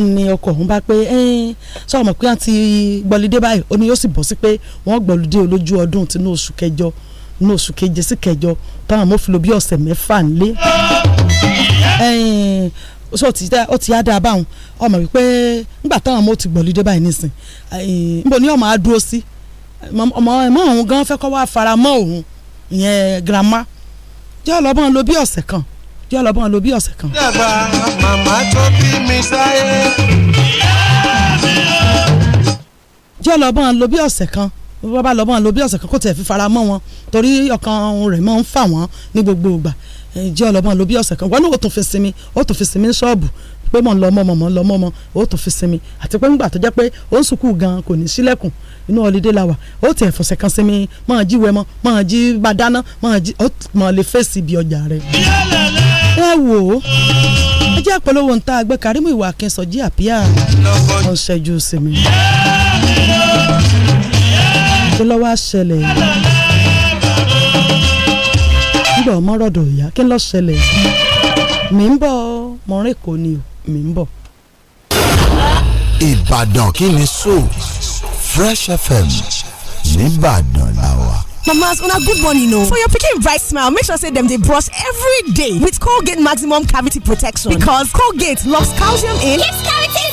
òun ni ọkọ òun bá pé sọ ọmọ pé àti gbọlidé báyìí ó ní yóò sì bọ́ sí pé wọ́n gbọlidé olójú ọdún tinú oṣù kẹjọ ní oṣù keje sí kẹjọ táwọn amófinlò bí ọ̀sẹ̀ mẹ́fà nílé so ti tẹ ọ ti yá dáa báwọn ọmọ wípé nígbà táwọn ọmọ ti gbọlidé báyìí nísìn níbo ni ọmọ á dúró sí ọmọ ẹ̀mọ́ òun gan fẹ́ kọ́ wá fara mọ́ òun ìyẹn girama jẹ́ ọlọ́mọ ló bí ọ̀sẹ̀ kan jẹ́ ọlọ́bọ̀n lo bí ọ̀sẹ̀ kan. dàgbà màmá tó bí mi sáyé. jẹ́ ọlọ́bọ̀n lo bí ọ̀sẹ̀ kan bàbá lọ́bọ̀n lo bí ọ̀sẹ̀ kan kó tẹ̀ fi fara mọ́ wọn torí ọkàn rẹ̀ máa ń fà wọ́n ní gbogbo ìgbà jẹ́ ọlọ́bọ̀n lo bí ọ̀sẹ̀ kan wọ́n ní o tún fi sinmi o tún fi sinmi ní ṣọ́ọ̀bù pé mọ̀ ń lọ mọ̀ mọ̀ ń lọ mọ̀ mọ̀ o tún fi sinmi àti pé ńgbà tó jẹ́ pé ó ń sùkúù gan kò ní sílẹ̀kùn inú ọ̀lídé la wà ó ti ẹ̀fọ̀sẹ̀ kan sinmi máa jí wẹ́mọ́ máa jí bá dáná máa jí ó máa lè fèsì ibi ọjà rẹ̀ ẹ wò ó ẹ jẹ́ àpolówó ń ta àgbẹ̀ Karimu ìwà akínṣọ jí àpíà wọ́n ṣẹ́jú sí mi. kí ló wá ṣẹlẹ̀ nígbà ọmọ rọ̀dọ̀ ìyá kí ló ṣẹlẹ̀ mi ń bọ̀ mọ̀rin kò ní o mi ń bọ̀. Ìbàdàn kí ni so Fresh FM nìbàdàn làwà. Mamas, on a good one, you know. For your picking bright smile, make sure say them they brush every day with Colgate Maximum Cavity Protection because Colgate locks calcium in. Keeps cavities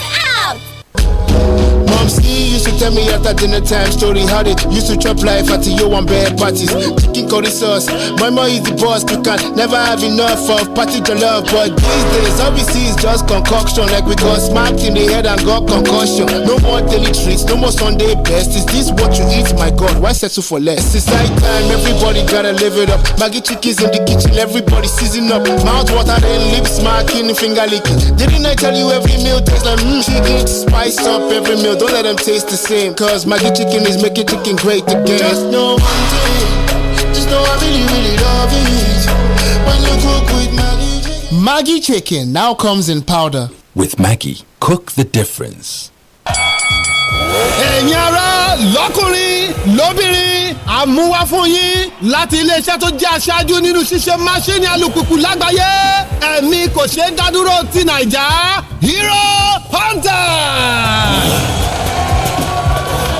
I'm ski, tell me after dinner time story how it used to chop life at you one bad parties. Chicken curry sauce, mom is the boss, you can never have enough of party to love. But these days, obviously, it's just concoction. Like we got smacked in the head and got concussion. No more daily treats, no more Sunday best. Is this what you eat? My God, why settle for less? It's night time, everybody gotta live it up. Maggie chickens in the kitchen, everybody season up. Mouth water, then lips smacking, finger licking. Didn't I tell you every meal tastes like mmm? Chicken spice up every meal. Don't of them taste the same. Cause Maggie chicken is making chicken great again. Just know one thing, just know I really, really love it. When you cook with Maggie chicken. Maggie chicken now comes in powder. With Maggie, cook the difference. ẹ̀yin ará lọ́kùnrin lóbìnrin àmúwá láti iléeṣẹ́ tó jẹ́ aṣáájú nínú ṣíṣe máṣíìnì alùpùpù lágbàáyé ẹ̀mí kò ṣeé dádúró ti nàìjà Hero Hunter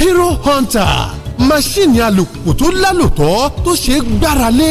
Hero Hunter máṣíìnì alùpùpù tó lálòtọ́ tó ṣeé gbára lé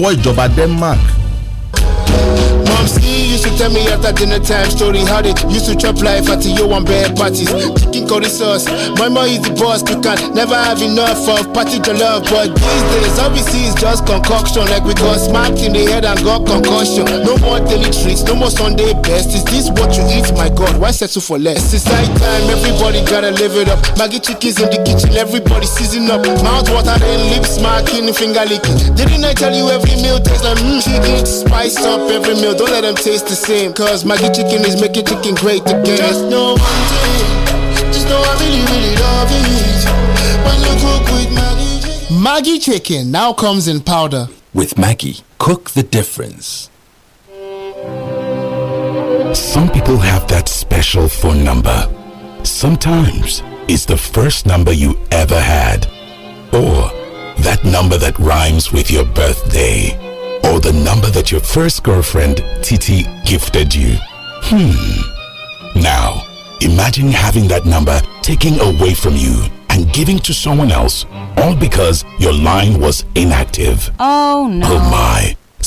ọwọ́ ìjọba Denmark tell me after dinner time, story how they used to chop life at yo and bad parties. Chicken curry sauce, my mom is the boss, you can never have enough of party to love. But these days, obviously it's just concoction, like we got smacked in the head and got concussion. No more daily treats, no more Sunday best. Is this what you eat? My God, why settle for less? It's night time, everybody gotta live it up. Maggie chickens in the kitchen, everybody season up. Mouth water, lips smacking, finger licking. Didn't I tell you every meal tastes like mmm? Chicken spice up every meal, don't let them taste the same same. Cause Maggie chicken is making chicken great again. Just know one thing. Just know I really, really love it. When you cook with Maggie chicken. Maggie chicken now comes in powder. With Maggie, cook the difference. Some people have that special phone number. Sometimes it's the first number you ever had. Or that number that rhymes with your birthday or the number that your first girlfriend, Titi, gifted you. Hmm. Now, imagine having that number taken away from you and giving to someone else, all because your line was inactive. Oh no. Oh my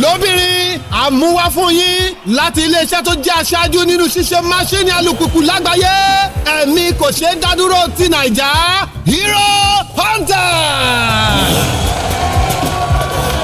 lóbìnrin àmúwá fún yín láti iléeṣẹ́ tó jẹ́ aṣáájú nínú ṣíṣe máṣíìnì alùpùpù lágbàáyé ẹ̀mí kò ṣeé dádúró ti nàìjà Hero Hunter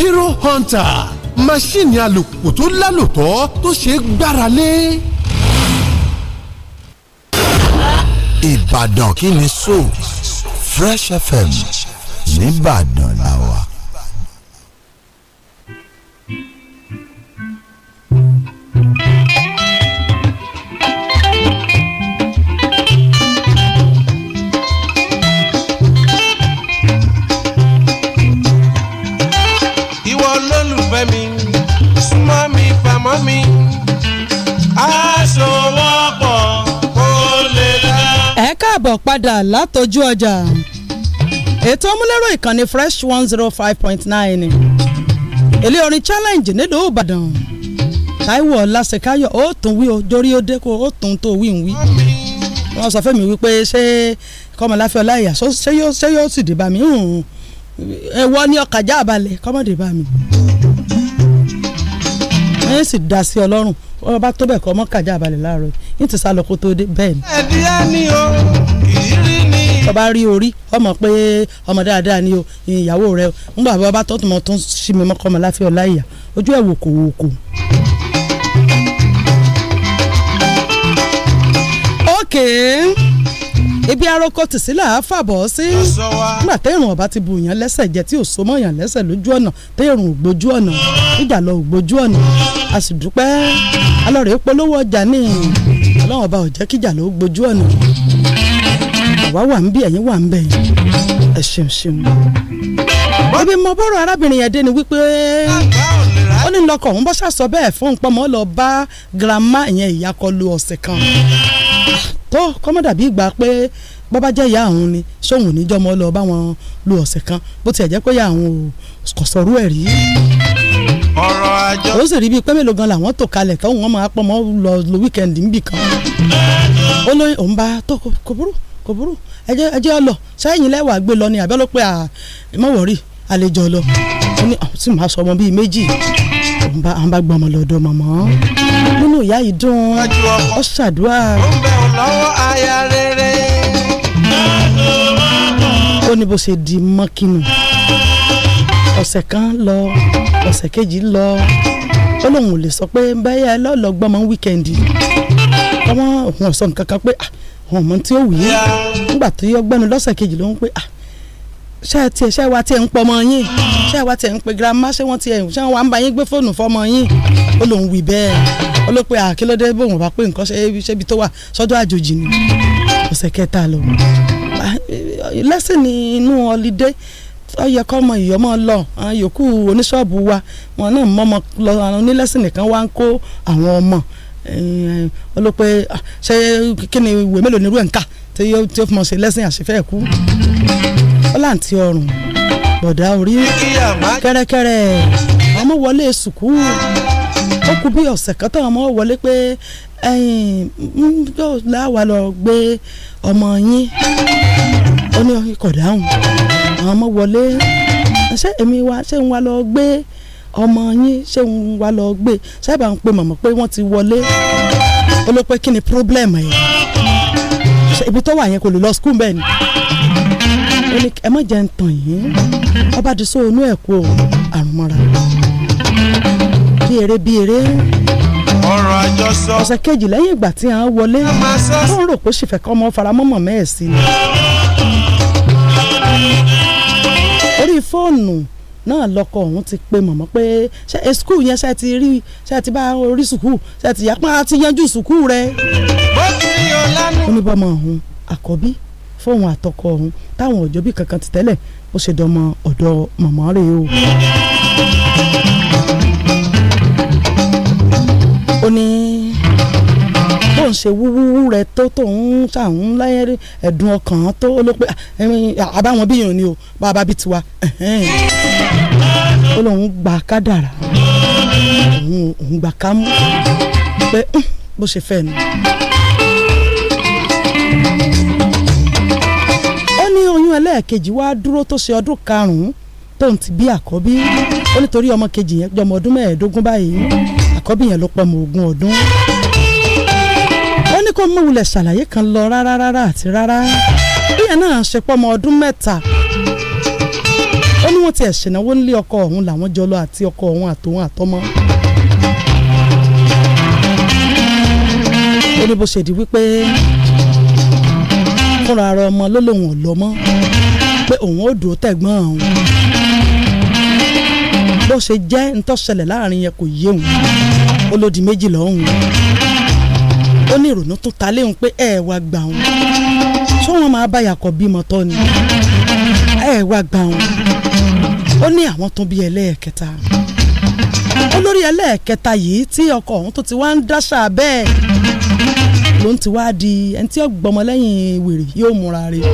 Hero Hunter máṣíìnì alùpùpù tó lálòtọ́ tó ṣeé gbára lé. Ìbàdàn kí ni so Fresh FM nìbàdàn làwà. káàbọ̀ padà látọjú ọjà ètò ọmúlẹ́rọ ìkànnì fresh one zero five point nine ilé orin challenge nílùú ìbàdàn táíwò ọlásèkáyọ̀ ó tún wí o dórí ó dẹ́kọ̀ ó tún tó wí wí wọ́n sọ fún mi wípé ṣé kọ́mọláfẹ́ ọláìyá ṣé yóò ṣé yóò sì dìbà mí ẹ̀wọ́ ni ọkàjá àbálẹ̀ kọ́mọdé bá mi wọ́n sì dá sí ọlọ́run wọ́n bá tó bẹ̀ kọ́ mọ́kàjá àbálẹ̀ láàárọ̀ yìí ní ti sálọ kó tó dé bẹ́ẹ̀ ni. ẹ̀dí ẹni o tó bá rí orí ọmọ pé ọmọ dáadáa ni o ìyàwó rẹ o nígbà bàbá tó tún mọ tó ń ṣí mi mọ́kọ́ ọmọ láfẹ́ ọ̀la ìyà ojú ẹ̀ wò kò wò kò. okay ibi aroko tìsílà fàbọ̀ sí nígbà téèrùn ọba ti bu yàn lẹ́sẹ̀ jẹ́ tí ò so mọ́ yàn lẹ́sẹ̀ lójú ọ̀nà téèrùn ò gbójú ọ̀nà ìjà lọ ò gbójú ọ̀nà a sì dúpẹ́ alọ́rẹ̀ẹ́ polówó ọjà ní ọlọ́run ọba ò jẹ́ kíjà ló gbójú ọ̀nà àwa wà ń bí ẹ̀yin wà ń bẹ̀ yín ẹ ṣeun ṣeun. ibi mo bọ́rọ̀ arábìnrin yẹn dé ni wípé ó ní lọkọ̀ òun bọ́ ṣàṣọ bẹ́ẹ̀ fún nǹkan mọ́ lọ bá girama ìyẹn ìyá kọlu ọ̀sẹ̀ kan tó kọ́mọ́dà bí gbà pé bọ́bá jẹ́ ìyá àwọn ni sóhun oníjọ́ mọ́ lọ bá wọn lu ọ̀sẹ̀ kan bó tiẹ̀ jẹ́ pé ìyá àwọn ò kò sọ̀rọ̀ ẹ̀ rí. ọ̀rọ̀ àjọ. ó sì rí bíi pé mélòó gan làwọn tò kalẹ̀ tó wọn máa pọ̀ mọ́ lọ lo wíkẹ́ndì níbì kan. ó lóyún òun bá tó kò burú kò burú ẹjẹ ẹjẹ lọ sẹ́yìn gbé lọ ni àbẹ́ ló pé mọ̀wọ́rì àlejò lọ ó ní sì máa sọ ọmọ bíi méjì à ń bá gbọmọ lọ́dọ̀ màmá nínú ìyá yìí dùn ó ṣàdúrà. ó ní bó ṣe di mọ́kínù ọ̀sẹ̀ kan lọ ọ̀sẹ̀ kejì lọ ó lóun ò lè sọ pé báyà ẹ lọ́ọ́ lọ gbọ́mọ wíkẹ́ndì ọmọ òun ọ̀sán kankan pé ah wọn mọ tí ó wí nígbà tó yọ gbẹnu lọ́sẹ̀ kejì ló ń pè ah ṣé ẹ tiẹ̀ ṣé ẹ wá ń pọ̀ ọmọ yín ṣé ẹ wá ń pe girama ṣé wọ́n tiẹ̀ ṣé wọ́n wá ń bá yín gbé fóònù fọ́mọ yín ó lòun wí bẹ́ẹ̀ ó ló pe àkílódé ah, bóun bá pé nǹkan ṣébi tó wà sọ́dọ̀ àjòjì ni ọ̀sẹ̀ kẹta lọ ah, lẹ́sìn ní inú ọlídé ó yẹ ọmọ ìyọ́ lọ àwọn yòókù oníṣọ́ọ̀bù wa wọn náà mọ́ lọ àwọn onílẹ́sìn nìkan wá ń kó àwọn ọmọ Eh, ọlọ́pẹ́ ah, ṣe kí ni ìwé mélòó nírú ẹ̀ ń kà tí ó tí ó fi mọ̀ ṣe lẹ́sìn àṣefẹ́ ẹ̀kú ọ̀làǹtí ọrùn bọ̀dá orí kẹ́rẹ́kẹ́rẹ́ ọmọ wọlé sùkúù ó kú bí ọ̀sẹ̀ kan táwọn ọmọ wọlé pé yóò láwa lọ gbé ọmọ yín ó ní kọ̀ dáhùn ọmọ wọlé ṣé èmi wa ṣé ń wa lọ gbé ọmọ yín ṣé ń wá lọ gbé sábà ń pe màmá pé wọ́n ti wọlé ó ló pé kí ni problem yẹn ibi tó wà yẹn kò lè lọ skul bẹ́ẹ̀ ni ó ní ẹ má jẹ́ ń tàn yín ọba dùsọ inú ẹ̀ kú àrùn mọ́ra bí eré bí eré ọ̀rọ̀ àjọsọ. ọ̀sẹ̀ kejì lẹ́yìn ìgbà tí a ń wọlé ó ń rò pé ṣìfẹ́ kọ́ ọmọ faramọ́mọ́ mẹ́ẹ̀ sí ni. orí fóònù náà lọkọ ọ̀hún ti pe mọ̀mọ́ pé ṣe skul yẹn ṣe ti rí ṣe ti bá orí sùkúù ṣe ti yàpá ti yanjú sùkúù rẹ. bó o lánàá. ó ní bọ́mọ ọ̀hún àkọ́bí fóun àtọkọ ọ̀hún táwọn òjòbí kankan ti tẹ́lẹ̀ ó ṣe dọmọ ọ̀dọ̀ mọ̀mọ́ rè o. ó ní tó ń ṣe wúwúwú rẹ tó tó ń ṣàwọn láyé ẹ̀dùn ọkàn tó ló pé ah, àbáwọn bíyàn ni o bàbá bí tiwa ó lóun gba kádàrá òun gba kámú pé bó ṣe fẹ́ nu. ó ní oyún ẹlẹ́ẹ̀kejì wá dúró tó ṣe ọdún karùn-ún tóun ti bí àkọ́bí ó nítorí ọmọ kejì yẹn jọmọ ọdún mẹ́ẹ̀ẹ́dógún báyìí àkọ́bí yẹn ló pọ̀ mọ́ ogún ọdún kó mọ̀wulẹ̀ ṣàlàyé kan lọ rárá rárá àti rárá bí ẹ̀ náà ṣe pọ́ ọmọ ọdún mẹ́ta ó ní wọ́n ti ẹ̀ ṣènáwó nílé ọkọ ọ̀hún làwọn jọ lọ àti ọkọ ọ̀hún àtòun àtọmọ. ó ní bó ṣe di wípé fúnra ara ọmọ ló lòun ò lọ mọ́ pé òun ò dúró tẹ̀gbọ́n òun bó ṣe jẹ́ ntọ́ṣẹlẹ̀ láàrin yẹn kò yé òun ó lòdì méjì lọ́hùn-ún ó ní ìrònú tún ta léhùn pé ẹ wá gbà wọn ṣé wọn máa bá yàkọ̀ bímọ tọ́ ni ẹ wá gbà wọn ó ní àwọn tó bí ẹlẹ́ẹ̀kẹta olórí ẹlẹ́ẹ̀kẹta yìí tí ọkọ ọ̀hún tó ti wá ń dáṣà bẹ́ẹ̀ ló ń ti wá di ẹni tí ó wèrè yóò múra rẹ̀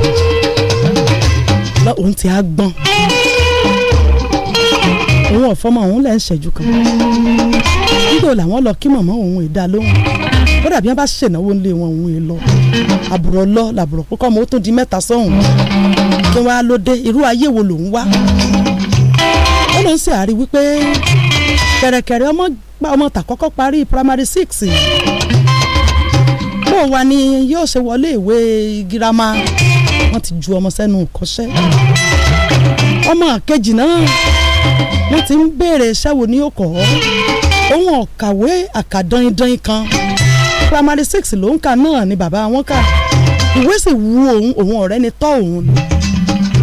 òun ti á gbọ́n òun ọ̀fọ́mọ òun lẹ́ ń ṣẹ́jú kan nígbà làwọn lọ kí mọ̀mọ́ òun ìdá lóhùn kódà bí wọ́n bá ṣènáwó nílé wọn òun èlò àbùrọ̀ lọ làbùrọ̀ kókó ọmọ ó tún di mẹ́ta sọ́hùn kí wọ́n á ló dé irú ayé wo lòun wá ó lóun sì àrí wípé kẹ̀rẹ̀kẹ̀rẹ̀ ọmọ ọmọ tàkọ́kọ́ parí primary six bó wa ni yóò ṣe wọlé ìwé girama wọ́n ti ju ọmọ sẹ́nu kọ́ṣẹ́ ọmọ kejì náà wọ́n ti ń béèrè ṣẹ́wó ní òkọ́ òun ọ̀kàwé àkàdánidán kan primary six ló ń kà náà ni bàbá wọn kà ìwé sì wu òun òun ọ̀rẹ́ ni tọ́ òun ni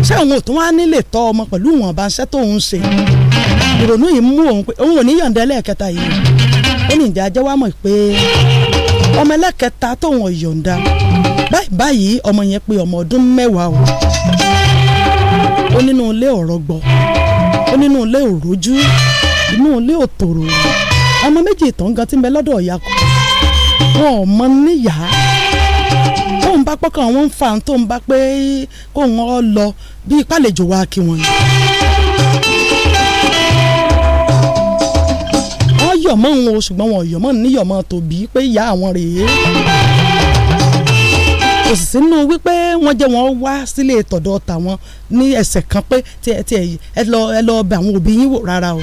ṣé òun ò tún wá nílé tọ́ ọmọ pẹ̀lú ìwọ̀n bá ń ṣẹ́ tó òun ṣe ìrònú yìí mú òun pé òun ò ní yọ̀ǹda ẹlẹ́ẹ̀kẹta yìí ó ní ìjà ajẹ́ wá mọ̀ pé ọmọ ẹlẹ́kẹta tóun ò yọ̀ǹda báyìí báyìí ọmọ yẹn pé ọmọ ọdún mẹ́wàá o ó nínú ilé ọ̀rọ̀ gbọ́ ó nínú ilé òrójú inú ilé òtòrò ọmọ méjì ìtàn gan ti ń bẹ lọ́dọ̀ ìyá kù wọn ò mọ níyàá tóun bá pọ́kàn wọn ń fa àwọn tóun bá pé kóun ọ lọ bí ìpàlejò wa kí wọn. wọ́n yọ̀mọ́ ń wo ṣùgbọ́n wọn yọ̀mọ́ níyọ̀mọ́ tòbí pé ìyá àwọn rèé kò sì sínú wípé wọ́n jẹ́ wọ́n wá sílé tọ̀dọ̀ tàwọn ní ẹsẹ̀ kan pé tí ẹ lọ ẹ lọ bẹ àwọn òbí yín wò rárá o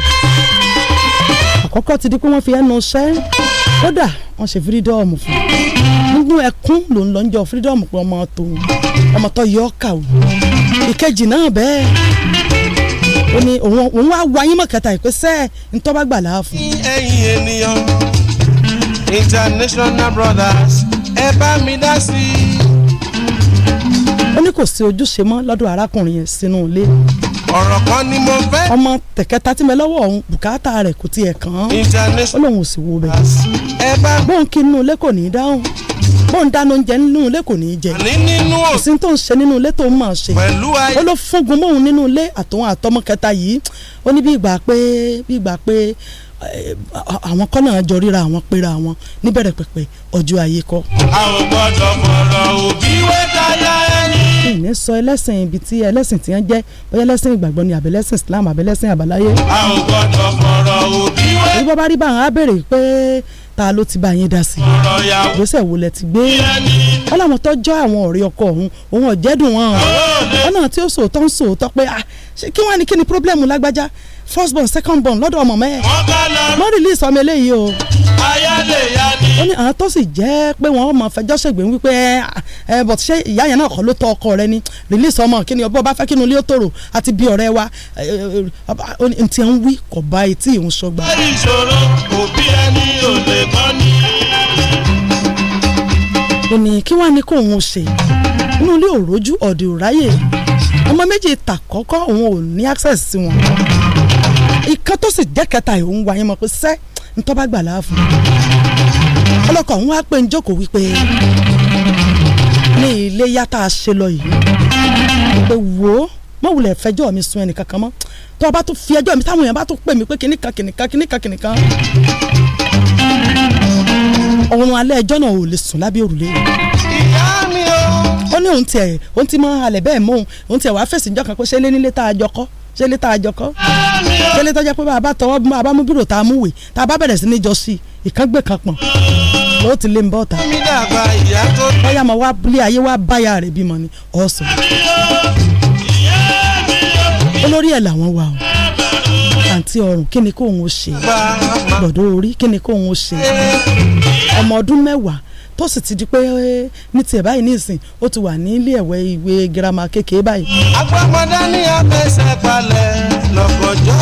àkọ́kọ́ ti di pé wọ́n fi ẹnu ṣẹ́ kódà wọ́n ṣe fírídọ́ọ̀mù fún un gbogbo ẹkún ló ń lọ níjọ fírídọ́ọ̀mù pé ọmọ tòun ọmọ tó yọ ọ́ kàwé ìkejì náà bẹ́ẹ̀ ó ní òun wá wá yín mọ̀kẹ́ta ìpèsè ntọ́ba gbà láà fún. ẹ̀yin ènìyàn international brothers ẹ bá mi dá sí i. ó ní kò sí ojúṣe mọ́ lọ́dọ̀ arákùnrin yẹn sínú ilé ọ̀rọ̀ kan ni mo fẹ́. ọmọ tẹ̀kẹta tí mi lọ́wọ́ ọ̀hún bùkátà rẹ̀ kò tiẹ̀ kàn án ó lóun ò sì wo bẹ̀. bóun kí inú ilé kò ní í dáhùn bóun dáná oúnjẹ nínú ilé kò ní í jẹ kò sí tó ń ṣe nínú ilé tó ń máa ṣe ó ló fúngun mọ́hún nínú ilé àtòun àtọmọ kẹta yìí ó ní bí ìgbà pé bí ìgbà pé àwọn kọ́ náà jọ ríra àwọn péra àwọn níbẹ̀rẹ̀ pẹ̀pẹ̀ ọjọ́ ayé kọ́. a ò gbọ́dọ̀ mọ̀rọ̀ òbí wẹ́tayá ìní sọ ẹlẹ́sìn ibi tí ẹlẹ́sìn ti ń jẹ́ bóyá ẹlẹ́sìn ìgbàgbọ́ ni àbẹ̀lẹ́sìn Islam àbẹ̀lẹ́sìn àbáláyé. a ò gbọ́dọ̀ òbí wẹ́. ìbọn bá rí bá àwọn á pé ta ló ti bá yín dá sí i ìgbésẹ̀ wo lẹ ti gbé wọn làwọn tọ́jọ́ àwọn ọ̀rẹ́ ọkọ ọ̀hún òun ọ̀jẹ̀dùn wọn ọ̀nà tí ó sòótọ́ ń sòótọ́ pé ah, kí wọ́n ní kí ni pírọ́blẹ́mù lágbájá first born second born lọ́dọ̀ ọmọ mẹ́ẹ̀ wọ́n release ọmọ eléyìí o ó ní àwọn tó sì jẹ́ pé wọ́n mọ̀ fẹjọ́ ṣègbè wípé ẹ but ṣé ìyá yẹn náà kọ́ ló tọ́ ọkọ rẹ ni release ọmọ kí ni ọbọ̀ bá fẹ́ kí ni olóyè tòrò àti bí ọ̀rẹ́ wa ntí ẹ̀ ń wí kò bá etí ìhun ṣọgbà. ìṣòro òbí ẹni ò lè kọ́ ni. ó ní kí wàá ní kó òun ṣe inú ilé òrojú ọ̀dẹ̀ òráyè ọmọ méjì tàkọ́kọ́ òun ò ní access sí wọn ìkan tó sì jẹ́ kẹta ìhòòhùn wa yẹn mọ̀ pé sẹ́ ntọ́ bá gbà láàfún ọlọ́kọ̀ ń wá pé ń jókòó wípé ní ilé yàtà ṣe lọ yìí pé wò ó mọ̀ wulẹ̀ fẹjọ́ mi sun ẹnìkan kan mọ́ tó o bá tún fi ẹjọ́ mi táwọn èèyàn bá tún pè mí pé kìnnìkan kìnnìkan kìnnìkan kìnnìkan ọ̀run alẹ́ ẹjọ́ náà ò lè sùn lábẹ́ òrùlé ó ní òun tiẹ̀ òun ti mọ alẹ́ bẹ́ẹ̀ mọ́ òun tiẹ̀ wàá fèsì ìjọ kan pé ṣé lé nílé tá a jọ kọ́ ṣé létà àjọkọ́ ṣé létà jẹ́ pé bàbá tọwọ́ bí bàbá mú bírò tá a mú wè tá a bá bẹ̀rẹ̀ sí ní jọ sí ìkángbè kan pọ̀n ló ti lé ń bọ́ ta. báyà mọ̀ wá lé ayé wá báyà rẹ̀ bímọ ni ọ̀sán olórí ẹ̀ làwọn wà o àǹtí ọrùn kí ni kóun ó ṣe gbọ̀dọ̀ orí kí ni kóun ó ṣe ọmọ ọdún mẹ́wàá tó sì ti di pé ní tiẹ̀ báyìí ní ìsìn ó ti wà ní ilé ẹ̀wẹ̀ ìwé girama kékeré báyìí. agbọ́mọdé ní abẹ́sẹ̀ palẹ̀ lọ́kọ̀jọ́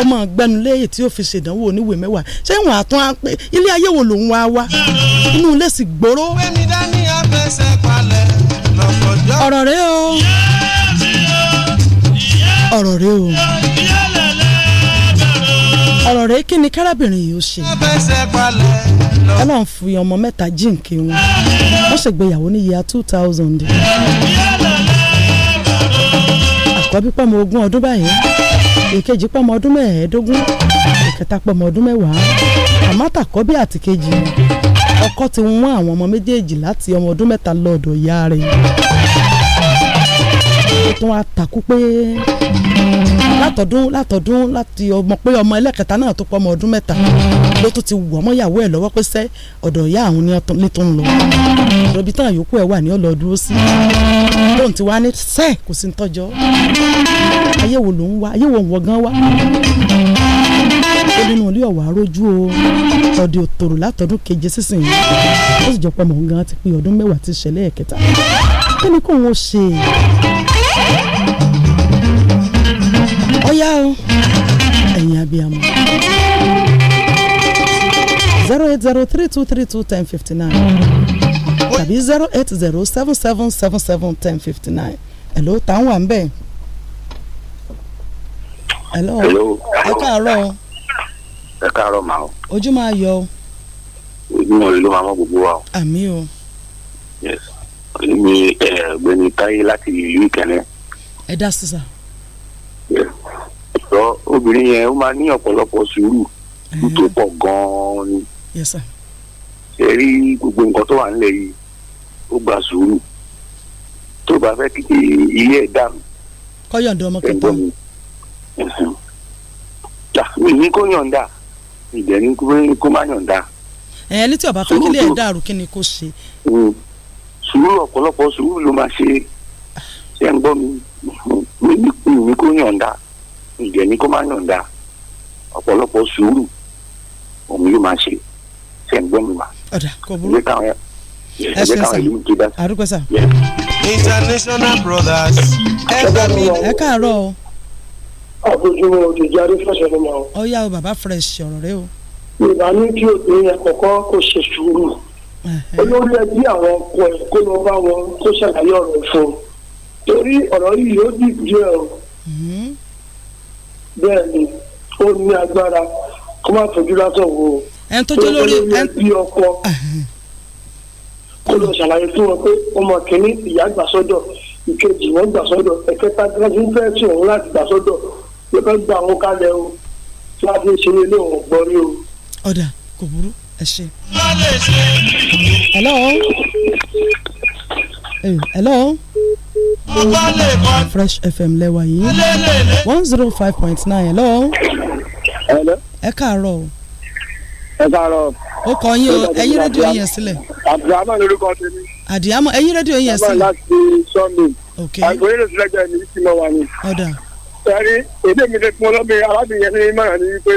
ọmọ gbẹnuléyè tí ó fi ṣèdánwò oníwèé mẹ́wàá ṣé ìwọ̀n àtún á pé ilé ayé wo lòun wá wá inú ilé sì gbòòrò. wẹ́mi dání abẹ́sẹ̀ palẹ̀ lọ́kọ̀jọ́. ọ̀rọ̀ rẹ o ọ̀rọ̀ rẹ o ọ̀rọ̀ rẹ̀ kí ni kárábìnrin yìí ó ṣe ọlọ́run fi ọmọ mẹ́ta jíǹkì wọn wọ́n ṣègbéyàwó ní yíya two thousand àkọ́bí pọ́mọ ogún ọdún báyìí èkejì pọ́mọ ọdún mẹ́ẹ̀ẹ́dógún ìkẹta pọ́mọ ọdún mẹ́wàá àmọ́ tàkọ́bí àti kejì ọkọ ti wọ́n àwọn ọmọ méjèèjì láti ọmọ ọdún mẹ́ta lọ́ọ̀dọ̀ ìyá rẹ̀ tó wá takú pé hmm, látọ̀dún látọ̀dún láti ọmọ pé ọmọ ẹlẹ́kẹta náà tó pọ̀ ọmọ ọdún mẹ́ta ló tún ti wọ̀ ọmọyàwó ẹ̀ lọ́wọ́ pé sẹ́ ọ̀dọ̀ ìyá àwọn ní tó ń lọ ọ̀dọ̀ ibi táwọn yòókù ẹ̀ wà ní ọ̀lọ́ dúró sí lóun ti wá ní sẹ́ kò sí ń tọ́jọ́ ayé wo ló ń wá ayé wo ń wọ gan wá ó nínú ilé arójú o ọ̀dẹ̀ òtòrò látọdún keje sísìn yìí ó sì jọ pọ̀ mọ̀ ń ti pé ọdún mẹ́wàá ti ṣẹlẹ̀ ẹ̀kẹta kí ni kóun ó ṣe ọ̀yá o ẹ̀yin zero eight zero three two three two ten fifty nine tàbí zero eight zero seven seven seven seven ten fifty nine ẹ̀ ló táwọn à ń bẹ̀ hello ẹ káàárọ̀ o ẹ káàárọ̀ màá o ojú máa yọ o ojú mọ̀ ló máa mọ gbogbo wa o àmì o yes ní ọ̀gbẹ́ni táyé láti ìlú ìkẹlẹ. ẹ dá sí sá. sọ obìnrin yẹn ó máa ní ọ̀pọ̀lọpọ̀ sùúrù tó pọ̀ gan-an ni. yes sir. ṣe rí gbogbo nǹkan tó wà nílẹ̀ yìí ó gba sùúrù tó bá fẹ́ kí ilé ẹ̀ dànù. kọ́yọ̀ǹda ọmọ kẹta mi. mi ní kó yọ̀ǹda ìdẹ̀ kó má yọ̀ǹda. ẹ̀ẹ́n ní tí ọba fẹ́ kílẹ̀ ẹ̀ dàrú kí ni kò ṣe. Mm sùúrù ọ̀pọ̀lọpọ̀ sùúrù ló máa ṣe ṣe ń gbọ́ mi mi ní kó yọ̀ǹda ìjẹ́ ní kó má yọ̀ǹda ọ̀pọ̀lọpọ̀ sùúrù òun ló máa ṣe ṣe ń gbọ́ mi wá. ọ̀dà kò burú ẹ ṣe sàn àdúgbò sàn. international brothers ẹ gbà mí. ẹ káàárọ̀ o. àbójúmọ́ òjòjì arífẹsẹ̀ ló máa. ọ̀ya o bàbá fresh ọ̀rọ̀ rẹ o. ìbá ní kí òpin ẹ̀kọ́kọ́ kò ṣe sùúrù olórí ẹbí àwọn ọkọ ẹ kó lọ bá wọn kó ṣàlàyé ọ̀rọ̀ fún torí ọ̀rọ̀ yìí ó dì díẹ̀ o bẹ́ẹ̀ ni ó ní agbára kó má fojú lásán wo ẹni tó jẹ́ lórí ẹbí ọkọ kó lọ ṣàlàyé fún wọn pé ọmọ kìíní ìyá gbà sọ́dọ̀ ìkejì wọn gbà sọ́dọ̀ ẹ̀kẹta gíláàsì ń fẹ́ sùn òun láti gbà sọ́dọ̀ ló fẹ́ gba àwọn kalẹ̀ o tí a fi ń ṣe ilé òun gbọ́ rí o. ọ̀dà kò burú ẹ ṣe. hello. Hey, hello. Fresh FM lẹ́wà yìí one zero five point nine hello. hello. ẹ káàárọ̀. ẹ káàárọ̀. ó kọ yín o ẹyin rédíò yẹn sílẹ̀. àdìyàmọ̀ lórúkọ tèmi. àdìyàmọ̀ ẹyin rédíò yẹn sílẹ̀. àdìyàmọ̀ láti sunday. ok àgbọ̀n yẹn lọ sí lẹ́gbẹ̀ẹ́ tí mo wà ní. ọ̀dà. sẹ́rí èdè mi lè fún ọlọ́bìn arábìnrin yẹn ní mọ̀ràn ní wípé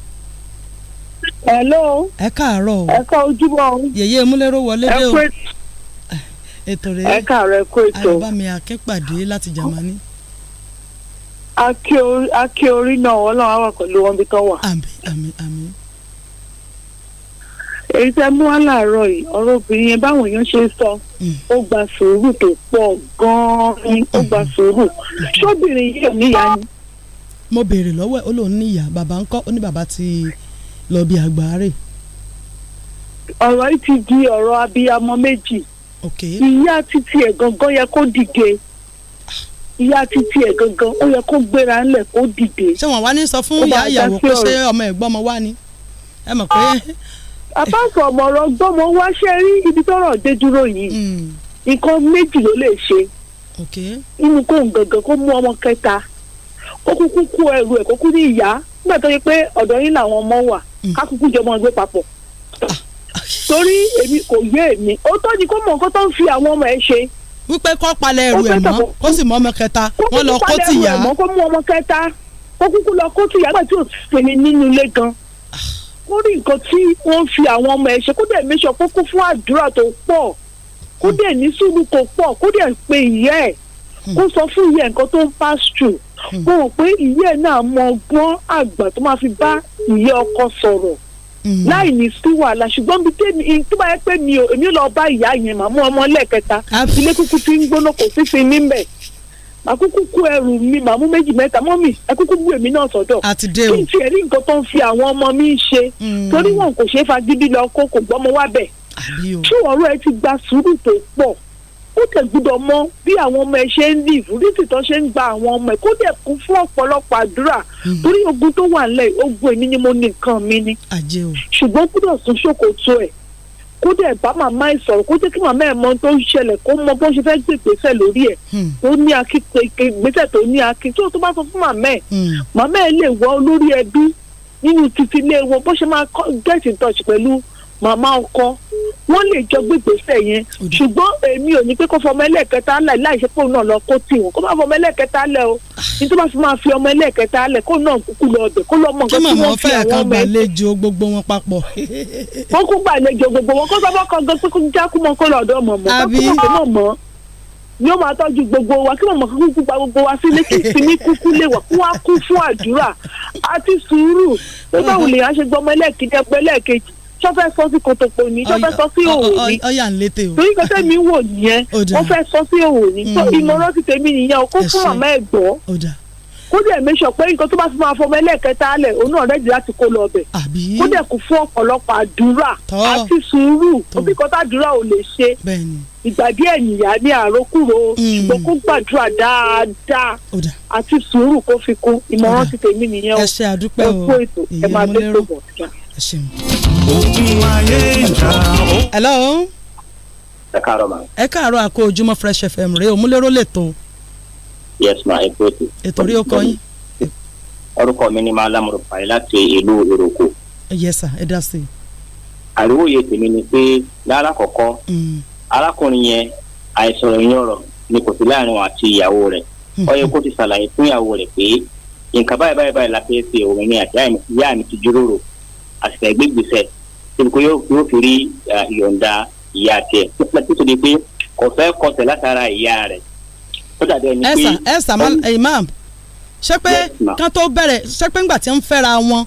hello. ẹ káàárọ̀ o. ẹ ká ojúbọ o. yèyé múlẹ́rọ wọlé dé o. ètò rẹ̀ ẹ káàárọ̀ ẹ kó ètò. àrùbámi akẹ́pàdé ọ̀rọ̀ obìnrin yẹn báwọn èèyàn sọ hmm. ó gba sùúrù tó pọ̀ gan-an ó gba hmm. sùúrù hmm. ṣóbìnrin yìí ò ni. mo béèrè lọ́wọ́ ẹ̀ ó lóun níyà bàbá ti. lọ bí agbáre. ọ̀rọ̀ yìí ti di ọ̀rọ̀ abiyamọ méjì ìyá títí ẹ̀ gangan yẹ kó dìde ìyá títí ẹ̀ gangan ó yẹ kó gbéra ńlẹ̀ kó dìde. ṣé wọn wá ní sọ fún ìyá ìyàwó pé ṣé ọmọ ẹ̀gbọ́n ọmọ wa ni ẹ mọ̀ pé. àbáṣọ ọmọ ọ̀rọ̀ gbọmọ wá ṣe rí ibi tọ́rọ̀ dé dúró yìí hmm. nǹkan méjì ló lè ṣe inú kóhùn gangan kó mú ọmọ kẹta kó kúkú kú ẹrù ẹ̀ kó kú ní ìyá nígbà tó yẹ pé ọ̀dọ̀ yín làwọn ọmọ wà hmm. kákùkù jọmọ gbé papọ̀ torí èmi kò yé èmi ó tọ́jú kó mọ̀ nǹkan tó ń fi àwọn ọmọ ẹ̀ ṣe. wípé kọ́ palẹ̀ ẹrù ẹ̀ mọ́ kó sì mọ ọmọ kẹta wọ́n lọ kó tìyà. kó mú ọmọ kẹta kó kúkú lọ kó tìyà pẹ̀lú tí ò pinni nínú ilé gan. kó rí nǹkan tí wọ́n fi àwọn ọmọ ẹ̀ ṣe kó dẹ̀ méṣọ kó kún fún àdúrà tó pọ̀ kó dẹ̀ ní sùúrù kó pọ̀ kó dẹ̀ pe ìyá ẹ̀ kó hmm. sọ fún ìyá nǹkan tó ń pass through mo hmm. rò pé ìyá ẹ̀ náà mọ ọgbọ́n àgbà tó máa fi bá ìyá ọkọ sọ̀rọ̀ hmm. láì ní sí wàhálà ṣùgbọ́n bí tèmi tó bá yẹ pé mi ò èmi lọ bá ìyá yẹn màmú ọmọ lẹ́ẹ̀kẹta ilé kúkú ti ń gbóná kò sí fi níbẹ̀ àkúkú kú ẹrù mi màmú méjì mẹ́ta mọ́mì àkúkú gbé mi náà sọ́dọ̀ kí n tiẹ̀ rí nǹkan tó ń fi àwọn ọmọ mi ń ṣe torí wọn kò ṣeé fagídí lọ kó kò gbọ́mọ wá bẹ̀ tí ọ̀rọ̀ ẹ ti gba sùúrù tó pọ̀ ó tẹ̀ gbúdọ̀ mọ bí àwọn ọmọ ẹ ṣe ń lì ìfúrísì tó ṣe ń gba àwọn ọmọ ẹ kó dẹ̀ kún fún ọ̀pọ̀lọpọ̀ àdúrà hmm. torí ogun tó wà nílẹ̀ ogun èmi ni mo ní nǹkan mi ni ṣùgbọ́n gbúdọ̀ sún ṣòkòtò ẹ̀ kó dẹ̀ bá màmá ẹ̀ sọ̀rọ̀ kó jẹ́ kí màmá ẹ̀ mọ tó ń ṣẹlẹ̀ kó mọ bó ṣe fẹ́ gbé ìgbésẹ̀ lórí ẹ̀ hmm. tó ní akin ìgbésẹ̀ tó ní akin tó tó bá sọ fún màmá ẹ̀ hmm. màmá ẹ̀ lè wọ olórí ẹbí nínú títí ilé wọn bó ṣe máa get in pẹ̀lú màmá ọkọ wọ́n lè jọ gbégbèsè yẹn ṣùgbọ́n èmi ò ní pé kó fọmọ ẹlẹ́ẹ̀kẹta lẹ̀ láìsí pé òun náà lọ kó tì wọ́n kó má fọmọ ẹlẹ́ẹ̀kẹta lẹ̀ o ní tó bá fi máa fi ọmọ ẹlẹ́ẹ̀kẹta lẹ̀ kó náà kúkú lọ ọbẹ̀ kó lọ mọ nǹkan tí wọ́n fi àwọn ọmọ ẹ̀. kí màmá fẹ́ àkàgbàlejò gbogbo wọn papọ̀. wọ́n kú gbàlejò gbogbo wọn kó sábà kan gan kó jákú mọ kó lọ́dọ̀ mọ̀mọ́ kó máa tọ́jú gbogbo wa kí màmá kúkú gba gbogbo wa sílé kí ìsinmi kúkú lè wà kí wọ́n á kú fún àdúrà àti sùúrù pé báwo lèèyàn ṣe gbọmọ ẹlẹ́ẹ̀kejì ẹgbẹ́ ẹlẹ́ẹ̀kejì tó fẹ́ sọ sí kòtòpò mi tó fẹ́ sọ sí òwò mi ọyà ń létè o torí kọ́tẹ́ mi wò nìyẹn wọ́n fẹ́ sọ sí òwò mi tó ìmọ̀ràn ti tèmi nìyẹn o kó fún màmá ẹ̀ gbọ́ kó dẹ̀ make sure pé nǹkan tó bá fi máa fọmọ ẹlẹ́ẹ̀kẹta lẹ̀ òun náà rẹ́jì láti kó lọ bẹ̀ kó dẹ̀ kó fún ọ̀pọ̀lọpọ̀ àdúrà àti sùúrù òbí kan tàdúrà ò lè ṣe ìgbà díẹ̀ nìyá ní àrókùrò hmm. ṣùgbọ́n kó gbàdúrà dáadáa àti sùúrù kó fi kún ìmọ̀ràn ti tèmi nìyẹn o ẹ ṣe àdúpẹ́ o èyí múlẹ́rù hello. ẹ káàárọ̀ ma. ẹ káàárọ̀ àkó ojúmọ́ fresh fm rèé òmúléró lè tó. yes ma ẹ kú ètò. ètò rí ọkọ yín. orúkọ mi ni malam rufai láti ìlú ìrókò. yes sir ẹ dá sí i. àríwòye tèmi ni pé lálàkọ̀kọ́ mm. arákùnrin yẹn àìsàn ìyín ọ̀rọ̀ ni kò sí láàrin òun àti ìyàwó rẹ̀ mm-hmm. ó kó ti ṣàlàyé fún ìyàwó rẹ̀ pé nǹkan báyìí báyìí báyìí la fẹ́ fi òun ní àti ìyá mi ti jíròrò àsìkò ẹgbẹ́ gbèsè tí kò yóò fi rí ìyọ̀ǹda ìyá tiẹ̀ nítorí pé kò fẹ́ kọsẹ̀ látara ìyá rẹ̀ ó dàbí ẹni pé. ẹ̀sà ẹ̀sà imam ṣé pé kán tó bẹ̀rẹ̀ ṣé pé ńgbà tí ń fẹ́ra wọn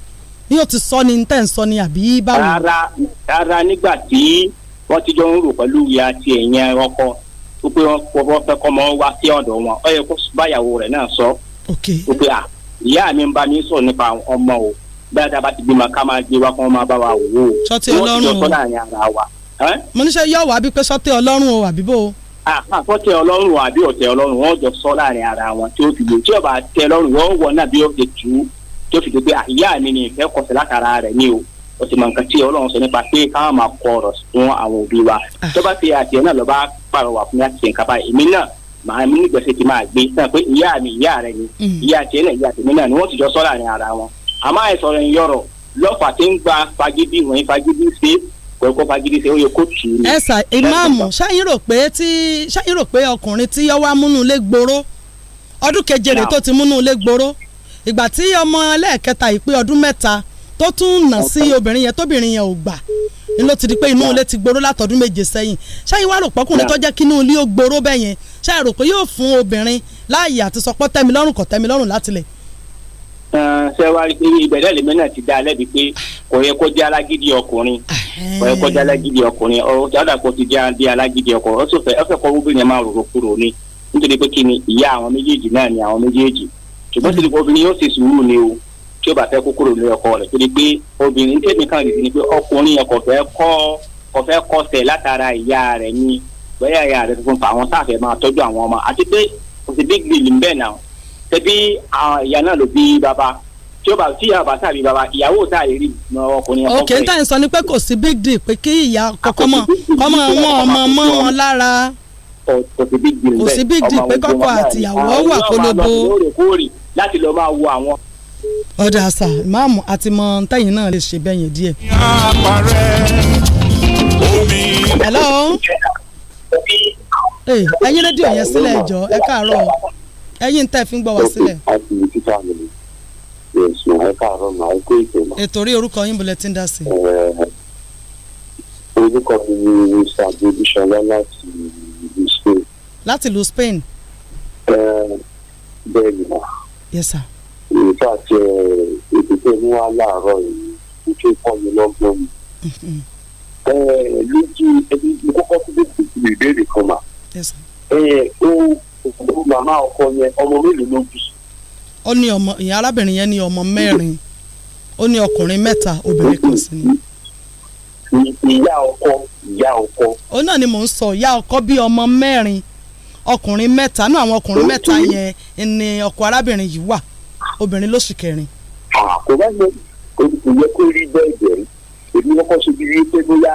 ni yóò ti sọ ni tẹ̀ ń sọ ni àbí báwo. rárá rárá nígbà tí wọ́n ti jọ ń rò pẹ̀lú ìyá tiẹ̀ yẹn ọkọ wípé wọ́n fẹ́ kọ́ ọmọ wá sí ọ̀dọ̀ wọn ó yẹ kó báyàwó rẹ̀ náà sọ. ok wípé à ìyá mi ń bá mi sọ nípa ọmọ o dáadáa bá ti bímọ ká máa gbé wa kó máa bá wa wò ó. sọtẹ ọlọ́run o mo ní sẹ yọ wá bí pé sọtẹ ọlọ́run o àbí bò ó. àfọ̀tẹ ọlọ́run àbí ọ̀tẹ ọlọ́run wọn jọ sọ láàrin ara wọn tí ó fi lè tí ọba tẹ ọlọ́run wọn wọ náà bí ó ti tù ú tí ó fi lè pé àyà mi ni ìfẹ́ kọsẹ̀ látara rẹ̀ ni o o ti mọ nǹkan tí ọlọ́run sọ nípa pé káwọn máa kọ ọ̀rọ̀ fún àwọn òbí wa ah. tó bá ti àtìyẹ náà lọ́ba pàrọwà fún mi àti nǹkan báyìí èmi náà màá mi nígbèsè ti máa gbé náà pé ìyá mi ìyá rẹ ni mm. ìyá tiẹ̀ náà ìyá tèmi náà ni wọ́n ti jọ sọ láàrin ara wọn àmọ́ àìsàn rẹ̀ ń yọrọ̀ lọ́fà tí ń gba fagidi wọ̀nyí fagidi ṣe kò fagidi ṣe ó yẹ kó tì í. ẹ sà ìmáàmù ṣáyín rò pé tí ṣáyín rò pé ọkùnrin tí yọ wá múnú ilé gbòòrò ọdún keje rẹ̀ tó ti múnú ilé gbòòrò ìgbà tí ọmọ ẹlẹ́ẹ̀kẹta ìpé ọdún mẹ́ta tó tún nà sí obìnrin yẹn tóbìnrin yẹn ò gbà ni ló ti di pé inú ilé ti gbòòrò látọdún méje sẹ́yìn ṣáyín wá rò pọ́kùnrin tó jẹ́ kí inú ilé ó gbòòrò bẹ́yẹn ṣáyín rò pé yóò fún obìnrin láàyè àti sọpọ́ tẹ́milọ́rùn kọ̀ tẹ́milọ́rùn látilẹ̀ Eh, ṣe wá ibẹ̀ lèmi náà ti dá lẹ́bi pé kò yẹ kó jẹ́ alágídí ọkùnrin kò yẹ kó jẹ́ alágídí ọkùnrin ọ̀dà kò ti jẹ́ alágídí ọkùnrin ó sì fẹ́ ọ̀fẹ́ kọ́ obìnrin máa rorò kúrò ní nítorí pé kí ni ìyá àwọn méjèèjì náà ni àwọn méjèèjì ṣùgbọ́n sì ni obìnrin yóò ṣe ni o tí ó bá fẹ́ ọkọ rẹ̀ torí pé obìnrin tèmi kan ni pé ọkùnrin ọkọ̀ ṣebí àwọn ìyá náà ló bí bàbá tí ó bá tí ìyá bàbá tàbí bàbá ìyàwó tá a lè rí ọkùnrin ọkọ. òkè ń tàn sọ ni pé kò sí big deal pé kí ìyá kọkọ mọ ọmọ wọn ọmọ mọ wọn lára kò sí big deal pé kọkọ àtìyàwó wà kólóbó. láti lọ máa wo àwọn. ọ̀dà àṣà máàmù àti mọ ntẹ́yìn náà lè ṣe bẹ́yìn díẹ̀. hello ẹ̀yin rédíò yẹn sílẹ̀ ẹ̀jọ̀ ẹ káàárọ̀ ẹ̀yin tẹ́ fi ń gbọ́ wá sílẹ̀. ètò orí orúkọ yín bulẹ̀ ti ń dá sí. orúkọ mi ni mr abiodunṣọlá láti ìlú Spain. láti ìlú Spain. bẹ́ẹ̀ ni ma. yes sir. ìfẹ́ àti ètùtù ní wa láàárọ̀ yìí ojú ìfọ́ mi lọ́gbọ́n mi. Mm-hmm. lójú ẹni kókó tó lè tètè ìbéèrè kan mà. o òkú màmá ọkọ yẹn ọmọ mélòó ló bí. ó ní ọmọ ìyá arábìnrin yẹn ní ọmọ mẹ́rin ó ní ọkùnrin mẹ́ta obìnrin kan sí ni. ìyá ọkọ ìyá ọkọ. ó náà ni mò ń sọ ìyá ọkọ bí ọmọ mẹ́rin ọkùnrin mẹ́ta náà àwọn ọkùnrin mẹ́ta yẹn ni ọkọ arábìnrin yìí wà obìnrin lóṣù kẹrin. àkóbá yẹn kò yẹ kó rí bẹ́ẹ̀ bẹ́ẹ̀ èmi wọ́n kọ́ síbi wípé bóyá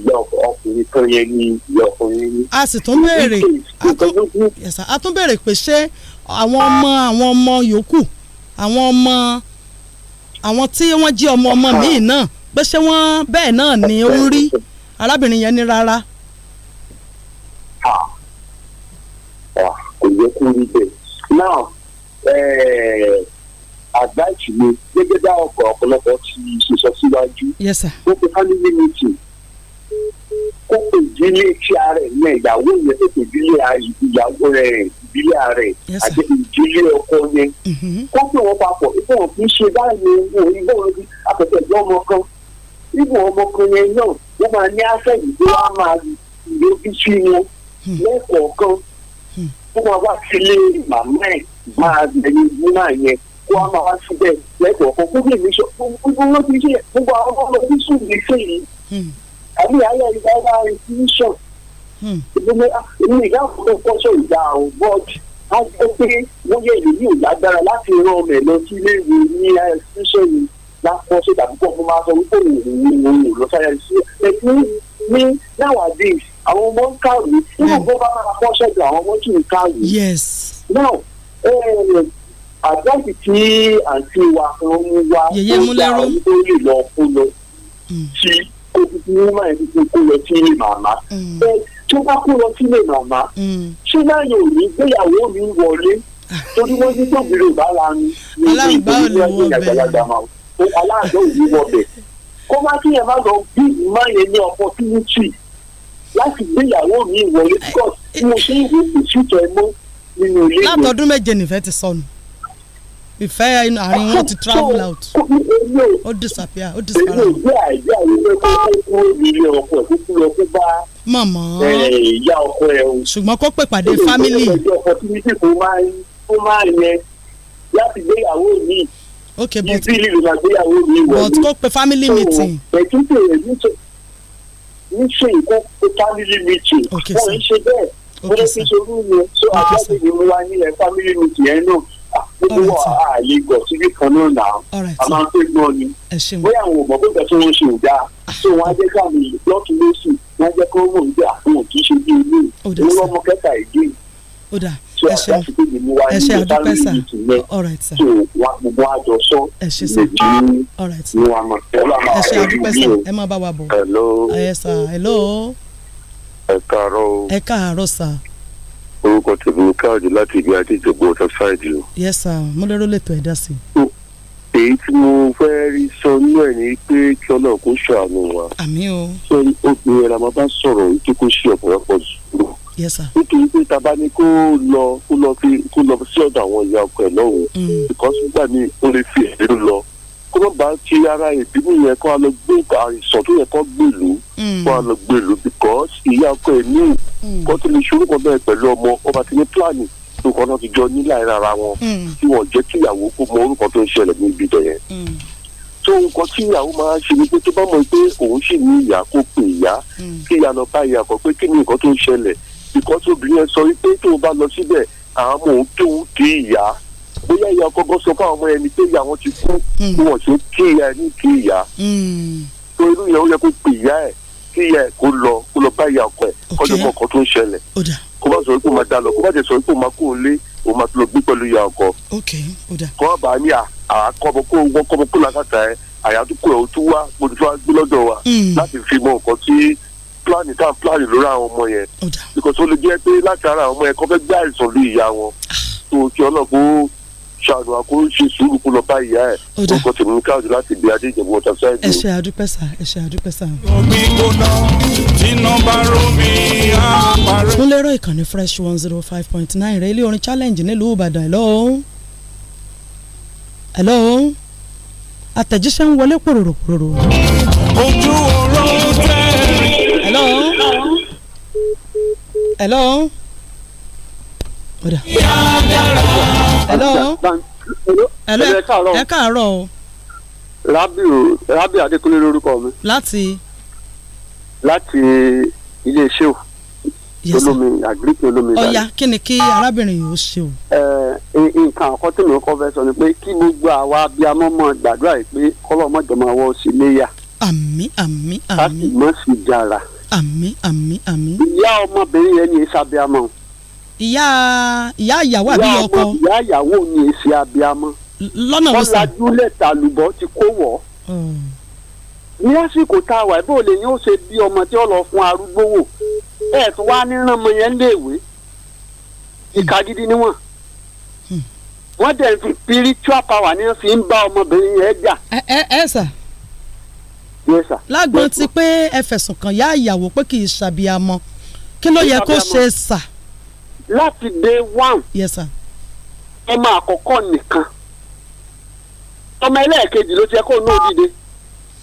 ìyá ọkùnrin kan yẹn ni ìyá ọkùnrin ni. a sì tún béèrè a tún béèrè pé ṣé àwọn ọmọ àwọn ọmọ yòókù àwọn ọmọ àwọn tí wọ́n jí ọmọ ọmọ míì náà pé ṣé wọ́n bẹ́ẹ̀ náà ni ó rí arábìnrin yẹn ní rárá. kò yẹ kó rí bẹ́ẹ̀ náà advice mi gẹ́gẹ́ bí ọ̀pọ̀ ọ̀pọ̀lọpọ̀ ti sọ síwájú. yes sir. wọ́n pe family meeting kó pè ìdílé tí a rẹ̀ ní ìyàwó yẹn tó pè ìdílé ìyàwó rẹ̀ ìdílé rẹ̀ àti ìdílé ọkọ yẹn kó pè wọ́n papọ̀ ìfọ̀ wọn kì í ṣe báyìí wọn ìbọn wọn bí apẹ̀tẹ̀ ìjọ ọmọ kan ìbọn ọmọ kan yẹn náà wọ́n máa ní afẹ́ ìgbé wa máa lójú sí wọn lẹ́kọ̀ọ̀kan wọ́n máa wá sílé màmá ẹ̀ máa gbẹ̀yìn ìgbóná yẹn kó a máa wá síbẹ̀ lẹ́kọ̀ọ̀kan gbogbo ìmísọ́ gbogbo àbí àyà ìdáyà ìfíṣàn ìdílé ní ìdáhùn tó kọ́ṣọ́ ìdá àwọn bọ́ọ̀dù á jẹ́ pé wọ́n yẹ èyí ò lágbára láti ran ọmọ ẹ̀ lọ sí iléèwé ní ìfíṣàn yìí lákọ́ṣe tàbí kọ́ fún máa sọ wípé òun òun ò lọ sáyà sí ẹ̀kún ní nowadays àwọn ọmọ ń kàwé tí wọ́n bọ́ bá máa kọ́ṣẹ́ jù àwọn ọmọ kì í kàwé. yes. now eh, eh, àdáàtì tí àǹtí wa kan ń wá ó gbà wípé ó lè lọ kó lọ hmm. sí kó dùdú wúmà yẹn tó kó lọ sí ilé màmá bẹ́ẹ̀ mm. tó bá kó lọ sí ilé màmá mm. ṣé láyé òní gbéyàwó mi wọlé torí wọ́n ní tóbìrì ìbára ni ní ìgbà ìgbà ìgbà àgbàlagbà máa ó aláàjọ òní wọbẹ kó má kí yẹn má lọ bí ìmọ̀ yẹn ní opportunity láti gbéyàwó mi wọlé because mo ṣe ìwé kò sí ìtọ́ ẹ mọ́ nínú ilé yẹn. látọdún méje nìfẹ́ ti sọnù ìfẹ́ inú àárín wọn ti travel out ó disappear ó disappear. mọ̀mọ́ ṣùgbọ́n kó pè pàdé family. láti gbéyàwó mi. ok but but kó pè family meeting. níṣe ìkó pè family meeting wọ́n ń ṣe bẹ́ẹ̀ wọ́n ń ṣe orú yẹn so àbájáde ni mo wá nílẹ̀ family meeting yẹn náà gbogbo wa àlè gbọ̀ síbí kan náà nà á máa ń pè gbọ́n ni bóyá àwọn ọmọ bóyá tó ń ṣe ò dáa tó ah. wọn á jẹ́ káàmì lọ́tún lóṣù wọn á jẹ́ kó mọ̀ nígbà wọn ò kì í ṣe bí ilé ìwé ọmọ kẹta ìdí ó dà ẹ ṣe ẹ ṣe àdúpẹ́ sà alright sà ẹ ṣe sà alright sà ẹ ṣe àdúpẹ́ sà ẹ má bá wa bọ̀ ẹ ah, sà hello. ẹ káàárọ̀ o. ẹ káàárọ̀ sà orúkọ tèmi ní káàdì láti ìgbé àti ìjọba ọ̀tá ṣáìdì o. yes sir mo lérò lè ẹ dá sí. èyí tí mo fẹ́ rí sọ nínú ẹ̀ ni pé kí ọlọ́run kó ṣàánú wa. àmín o. sọ obìnrin ẹ̀rọ máa bá sọ̀rọ̀ èyí tó kó ṣe ọ̀pọ̀lọpọ̀ jù. yes nítorí pé tàbá ni kó lọ kó lọ sí ọ̀dọ̀ àwọn ìyá ọkọ ẹ̀ lọ́wọ́ mm. because nígbà míì ó fi ẹ̀mí lọ kó má bàa ti ara ìbínú yẹn kó a lọ gbé àìsàn tó yẹ kó gbèlú mm. kó a lọ gbèlú because ìyá ọkọ ẹ ní kó mm. tó lè ṣorúkọ bẹ́ẹ̀ pẹ̀lú ọmọ ọba ti ní pílánì tó kọ́ náà ti jọ nílà ìrara wọn mm. tí wọ́n jẹ́ kí ìyàwó kó mọ orúkọ tó ń ṣẹlẹ̀ níbi ìdẹ̀yẹn tó nǹkan tí ìyàwó máa ṣe ni pé tó bá mọ̀ pé òun sì ní ìyá kó pe ìyá kí ìyá lọ bá ìyá kọ pé kí ni nǹkan tó ń because obìnrin yẹn sọ wípé tó o bá lọ síbẹ̀ àwọn ọmọ òun tó ń kí bóyá ìyá ọkọ̀ọ̀kan sọ fún ọmọ ẹni pé ìyá ti kú kí hmm. wọ́n ṣe kí ìyá ẹni kí ìyá tó hmm. inú ìyá yẹ kó pè ìyá ẹ̀ kí ìyá ẹ̀ kó lọ kó lọ bá ìyá ọkọ ẹ̀ kọjọ́ kọ̀ọ̀kan tó ń ṣẹlẹ̀ kó má sọ wípé ó máa dá lọ kó má jẹ́ sọ wípé ó máa kó o lé o máa tún lọ gbé pẹ̀lú ìyá ọkọ kó má bàa àkọ́bọ̀ kó wọ́n kọ́bọ̀ kó làkàtà ẹ̀ àyàtúkọ̀ ẹ̀ ó wá mo gbé lọ́dọ̀ wa hmm. láti fi mọ nǹkan tí pílánì tá à ń pílánì lórí àwọn ọmọ yẹn because ó lè jẹ́ pé láti ara àwọn ọmọ yẹn kọ́ fẹ́ gbé àìsàn lé ìyá wọn tó ah. kí ọlọ́gbọ́n ṣàdùn àkóró ṣe sùúrù kó lọ bá ìyá ẹ orúkọ tèmi káàdì láti bí adé ìjẹ̀bú ọ̀tà ṣáìdì. ẹ ṣe àdúpẹ́ sà ẹ ṣe àdúpẹ́ sà. mo lérò ìkànnì fresh one zero five point nine rẹ ilé orin challenge nílùú ìbàdàn hello hello àtẹ̀jíṣẹ́ ń wọlé pòròrò pòròrò. ojú ọ̀rọ̀ tẹ̀rín. hello hello. ó dà. yàrá hello hello ẹ káàárọ̀ o. rabi o rabi adekunle lórúkọ mi. láti. láti ilé iṣẹ́ o. olómi àgíríkì olómi ìdájọ́. ọ̀ya kí ni kí arábìnrin yìí ó ṣe o. nǹkan àkọ́tí mi kọ́ fẹ́ sọ ni pé kí gbogbo àwa abiyamọ mọ gbàdúrà yìí pé kọ́lọ́mọjọmọ wọ sí iléyà. àmín àmín àmín. láti mọ̀ sí jàrà. àmín àmín àmín. ìyá ọmọbìnrin yẹn ni sábẹ́ ìyá ìyá ìyàwó àbí ọkọ. ìyá ìyàwó ni èsì abiyamọ. lọ́nà wo sàn. kọ́lá júlẹ̀ tàlùbọ́ ti kó wọ̀. Hmm. ní àsìkò tá a wà bó lè ní ó ṣe bí ọmọ tí ó lọ fún arúgbó wò ẹ̀ tó wá ní ràn yẹn léèwé hmm. ìka gidi ni hmm. wọ́n dẹ̀ fi spiritual power ni wọ́n fi ń bá ọmọbìnrin yẹn jà. ẹ ẹ ẹ sà lágbọ́n ti pé ẹ fẹ̀sùn kàn yá ìyàwó pé kì í ṣàbíamọ kí ló yẹ kó ṣe sà. láti day one ọmọ àkọ́kọ́ nìkan ọmọ ẹlẹ́ẹ̀kejì ló ti yẹ kó náà dìde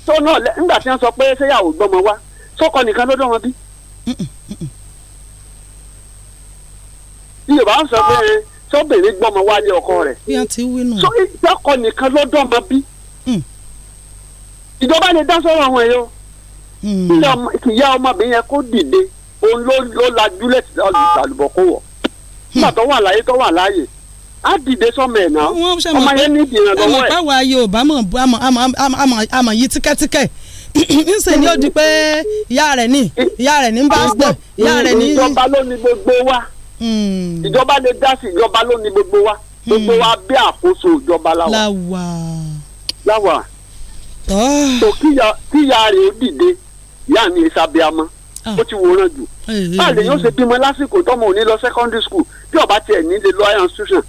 tó náà nígbà tí wọ́n sọ pé ṣéyàwó gbọ́mọ wá sọ́kọ nìkan bí. yorùbá ń sọ pé sọ́bìnrin gbọ́mọ wá lé ọkọ rẹ̀ sọ́kọ nìkan lọ́dọ̀ wọn bí. Mm. ìjọba lè dá sọ́rọ̀ àwọn èèyàn mm. ìyá ọmọbìnrin yẹn kó dìde òun ló lajú wọ̀. nígbà tó wà láyé tó wà láàyè á dìde sọmọ ẹ̀ náà ọmọ yẹn ní ìdìran lọ́wọ́ ẹ̀. àmọ̀páwa Yorùbá àmọ̀ yìí tíkẹ́tíkẹ́ ńṣe ni ó di pé ìyá rẹ̀ ní ìyá ni ní bá gbọ̀ ìyá rẹ̀ ní. ìjọba ló ní gbogbo wa hmm. ìjọba lè dá sí ìjọba ló ní gbogbo wa gbogbo hmm. wa bí àkóso ìjọba láwa. láwa. tó kíyà rè é dìde ìyá mi ìsàbíàmọ́ ah. ó ti wòran jù báà lè yóò ṣe bímọ lásìkò tọmọ ò lọ secondary school bí ọba tiẹ̀ ní lọ higher institution.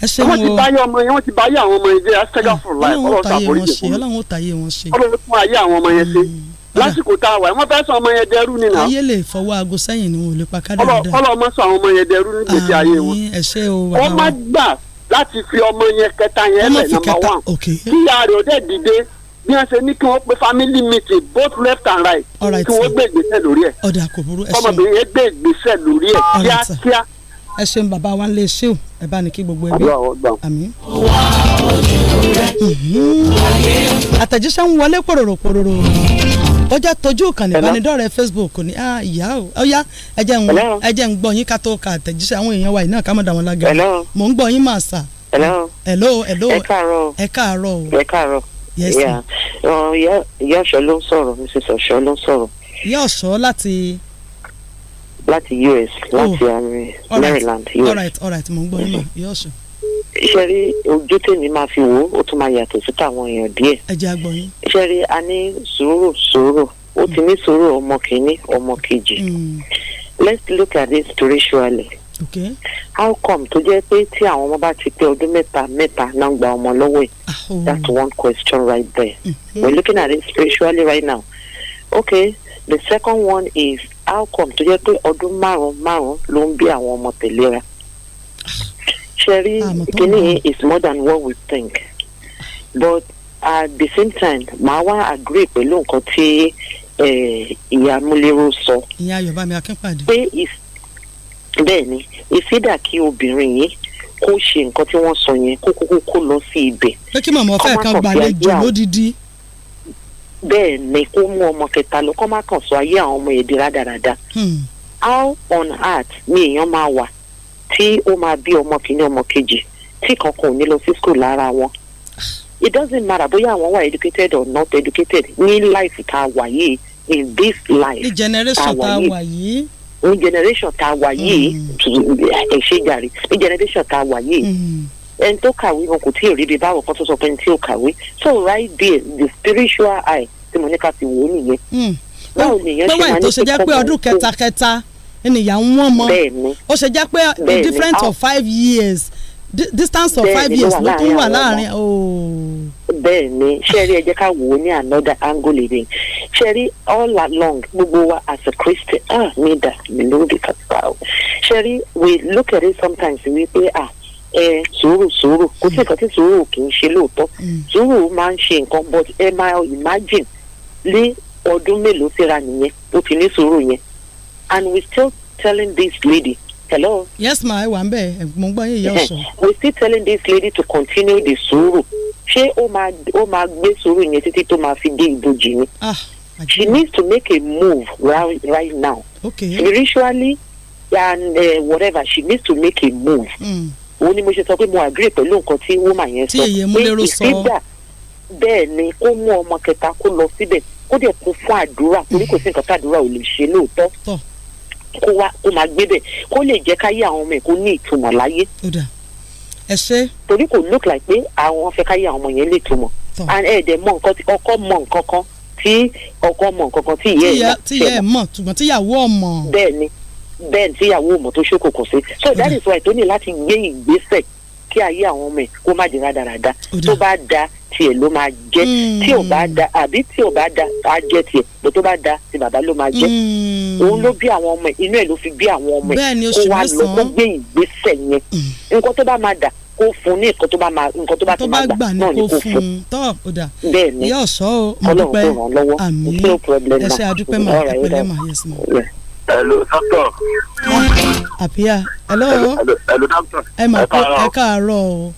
wọ́n ti báyé ọmọ yẹn wọ́n ti báyé àwọn ọmọ yẹn jẹ́ astega ah, for life ọlọ́run ṣàforí jẹ̀ fún mi ọlọ́run fún ayé àwọn ọmọ yẹn ṣe hmm, lásìkò tá a wà wọ́n fẹ́ sọ ọmọ yẹn dẹrú ni ayé lè fọwọ́ aago sẹ́yìn ni wọn ò lè pa kádà dáadáa. ọlọ́mọ sọ àwọn ọmọ yẹn dẹrú ní gbèsè ayé wọn. wọ́n má gbà láti fi ọmọ yẹn kẹta yẹn lẹ̀ number one. kí ìyá rẹ̀ ọ̀dẹ́ dìde bí wọ́n ṣe ní kí wọ́n pe family meeting both left and right kí wọ́n gbé ìgbésẹ̀ lórí ẹ̀ ọmọbìnrin yẹn gbé ìgbésẹ̀ lórí ẹ̀ kíákíá. ẹ ṣeun bàbá wa ń lè ṣeun ẹ bá ní kí gbogbo ẹbí àmín. Mhm. àtẹ̀jíṣẹ́ ń wọlé pòròrò pòròrò ó jẹ́ tójú ìkànnì ìbánidọ́rẹ̀ẹ́ Facebook ní ah, ìyá o ọ̀yá ẹ̀jẹ̀ ń ẹ̀jẹ̀ ń gbọ́ yín ká tó ka àtẹ̀jíṣẹ́ àwọn èèyàn wa yìí náà ká má dà wọ́n lága mò ń gbọ́ yín mà sà. hello hello hello ẹ káàárọ̀ ẹ káàárọ̀ yes yeah ìyá oh, ọ̀ṣọ́ ló ń sọ̀rọ̀ mrs ọ̀ṣọ́ ló ń sọ̀rọ̀. ìyá ọ̀ṣọ́ láti. láti us láti oh. maryland us. all right all right mo ń gbọ́ yín mọ̀ ìyá ọ̀ṣọ́. ṣe rí ojú tèmi máa fi wò ó tún máa yàtọ̀ sí tàwọn èèyàn díẹ̀. ẹ jẹ́ àgbọ̀n yín. ṣe rí a ní sùúrù sùúrù ó ti ní sùúrù ọmọ kìíní ọmọ kejì mm. let's look at this spiritually. Okay. how come tó jẹ́ pé tí àwọn ọmọ bá ti pé ọdún mẹ́ta mẹ́ta náà gba ọmọ lọ́wọ́ ẹ̀ ah, oh. that's one question right there mm -hmm. we're looking at it spiritually right now okay the second one is how come tó jẹ́ pé ọdún márùn márùn ló ń bí àwọn ọmọ tẹ̀léra ṣẹ́rí ah, kínní is more than what we think but at the same time màá wá agree pẹ̀lú nǹkan tí eh, ìyá múlẹ́rọ̀ sọ. ìyá yorùbá mi akẹ́pàdé. pé is bẹ́ẹ̀ ni ìsídà kí obìnrin yìí kó ṣe nǹkan tí wọ́n sọ yẹn kó kókó kó lọ sí ibẹ̀. pé kí màmá ọ̀fẹ́ kan gbàlejò lódìdí. bẹ́ẹ̀ ni kó mú ọmọ kẹta lọ kó má kàn sọ ayé àwọn ọmọ èdè rádaràda. Hmm. how on earth ni èèyàn máa wà tí ó máa bí ọmọ kìíní ọmọ kejì tí kankan ò ní lọ sí school lára wọn. it doesn't matter bóyá àwọn wà educated or not educated ní life tá a wà yìí in this life tá a wà yìí ní generation tá a wà yìí ẹ ṣe jàre ní generation tá a wà yìí ẹni tó kàwé wọn kò tí ì ríbi báwọn kan tó sọ pé ẹni tí ò kàwé so right there the spiritual eye tí mo ní ká fi wò ó nìyẹn. Mm. báwo nìyẹn ṣe máa ní kíkọ́ bọ̀ tó ṣe kẹta kẹta ènìyàn ń wọ́n mọ́ ó ṣe jẹ́ pé a difference of five years distance of five years ló tún wà láàrin oh. bẹ́ẹ̀ ni ṣẹ́rí ẹ jẹ́ ká wò ó ní another angle ìrìn ṣẹ́rí all along gbogbo wa as a christian ah mi dà mí lórí kàkà o ṣẹ́rí we look at it sometimes wípé ah ẹ sùúrù sùúrù kò sí nǹkan tí sùúrù kì í ṣe lóòótọ́ mm. sùúrù máa ń ṣe nǹkan but ẹ máa imagine lé ọdún mélòó síra nìyẹn ó ti ní sùúrù yẹn and we still telling this lady hello. yes ma ẹ wà ń bẹ mo ń gbọ́ yín ìyá ọ̀sán. we still telling this lady to continue the sùúrù ṣé ó máa ó máa gbé sùúrù yẹn títí tó máa fi dé ìbòjì ni. ah she needs to make a move right, right now. okay spiritually and uh, whatever she needs to make a move. Hmm. òun ni mo ṣe sọ pé mo agree pẹ̀lú nǹkan tí woman yẹn sọ pé ìsígbà bẹ́ẹ̀ ni kó mú ọmọ kẹta kó lọ síbẹ̀ kó dẹ̀ kó fún àdúrà torí kò sí nǹkan tí àdúrà ò lè ṣe lóòótọ́ kó wá kó máa gbé bẹ̀ kó lè jẹ́ káyé àwọn ọmọ ẹ̀ kó ní ìtumọ̀ láyé. torí kò look like pé àwọn fẹ́ káyé àwọn ọmọ yẹn lè túmọ̀ and ẹ̀ dẹ̀ mọ nǹkan tí ọkọ mọ nǹkan kan tí ọkọ mọ nǹkan kan tí ìyá ẹ̀ mọ̀ ṣùgbọ́n tíyàwó ọmọ. bẹ́ẹ̀ ni bẹ́ẹ̀ tíyàwó ọmọ tó ṣókòkò sí so that is why tó ní láti gbé ìgbésẹ̀ kí ayé àwọn ọmọ ẹ̀ kó má di rádaràda tó bá da tiẹ̀ ló máa jẹ́ hmm. tí ò bá da àbí tí ò bá da á jẹ́ tiẹ̀ bó tó bá da ti bàbá ló máa jẹ́ hmm. òun ló bí àwọn ọmọ ẹ̀ inú ẹ̀ ló fi bí àwọn ọmọ ẹ̀ kó wá lọ kó gbé ìgbésẹ̀ yẹn hmm. nǹkan tó bá máa dà kó fún ní nǹkan tó bá máa nǹkan tó bá ti máa gbà náà ni kó fún tọ́ ò dà bẹ́ẹ̀ ni yóò sọ ọ́ mo dúpẹ́ àmì ẹ̀ṣẹ̀ àdúpẹ́ mà ẹ̀pẹ̀lẹ́ mà yẹ̀sì mà. Hello, doctor. àpíyà hello. Hello, doctor. ẹ máa kó ẹ o.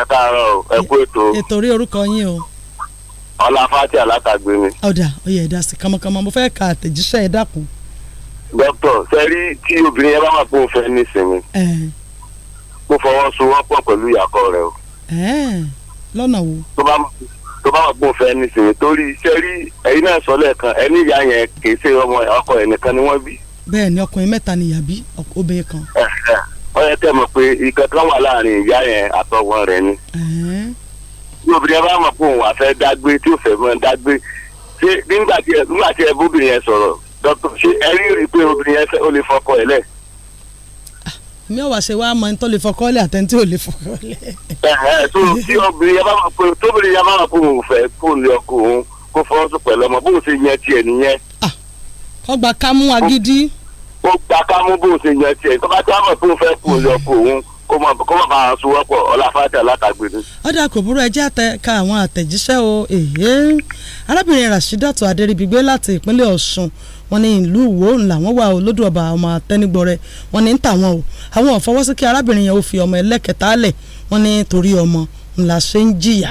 ẹ káàárọ̀ o ẹ kú ètò. ètò orúkọ yín o. ọláfàtì alákàgbé mi. ọ̀dà oyè ẹ̀dá sí mo fẹ́ ka àtẹ̀jíṣẹ́ ẹ dákun. dókítà sẹ́rí tí obìnrin yẹn bá wà pé fẹ́ nísìnyí. mo fọwọ́sowọ́pọ̀ pẹ̀lú rẹ lọ́nà wo. tó bá wà pé fẹ́ nísìnyí torí sẹ́rí ẹ̀yin náà sọ lẹ́ẹ̀kan ẹni ọkọ ẹ̀ nìkan ni wọ́n bí. bẹ́ẹ̀ ni ọkùnrin mẹ́ta ni ìyá bí obìnrin kan. ó yẹ kẹ́ mọ̀ pé ìkan kan wà láàrin ìyá yẹn àtọwọ́ rẹ̀ ni. bí obìnrin bá mọ̀ pé òun àfẹ́ dágbé tí ò fẹ́ mọ́ dágbé ṣé nígbà tí ẹ nígbà tí ẹ bóbìnrin yẹn sọ̀rọ̀ dọ́tọ̀ ṣé ẹ rí rí pé obìnrin yẹn ó lè fọkọ ẹ̀ lẹ̀. Ah, mi ò wá ṣe wá mọ ẹni tó lè fọkọ lẹ̀ àtẹni tí ò lè fọkọ lẹ̀. ẹ ẹ tó tí obìnrin yẹn bá mọ̀ pé tóbìnrin yẹn bá mọ̀ pé òun fẹ́ kó kó gba kámú bó ṣe yẹn tiẹ̀ tó bá tí wọ́n mọ̀ fẹ́ kó yọ kó òun kó mọ̀ kó mọ̀ máa sowọ́pọ̀ ọláfáàtì alátagbèrè. ọ̀dà kò burú ẹjẹ́ àtẹ̀ka àwọn àtẹ̀jíṣẹ́ o èyí arábìnrin Rasheedat Adéríbigbé láti ìpínlẹ̀ Ọ̀ṣun wọ́n ní ìlú Ìwó làwọn wà olódò ọba ọmọ àtẹnigbọrẹ wọ́n ní ń o àwọn ọ̀fọwọ́sí kí arábìnrin yẹn ó fi ọmọ ẹlẹ́kẹta lẹ̀ wọ́n ní torí ọmọ ńlá ṣe ń jìyà.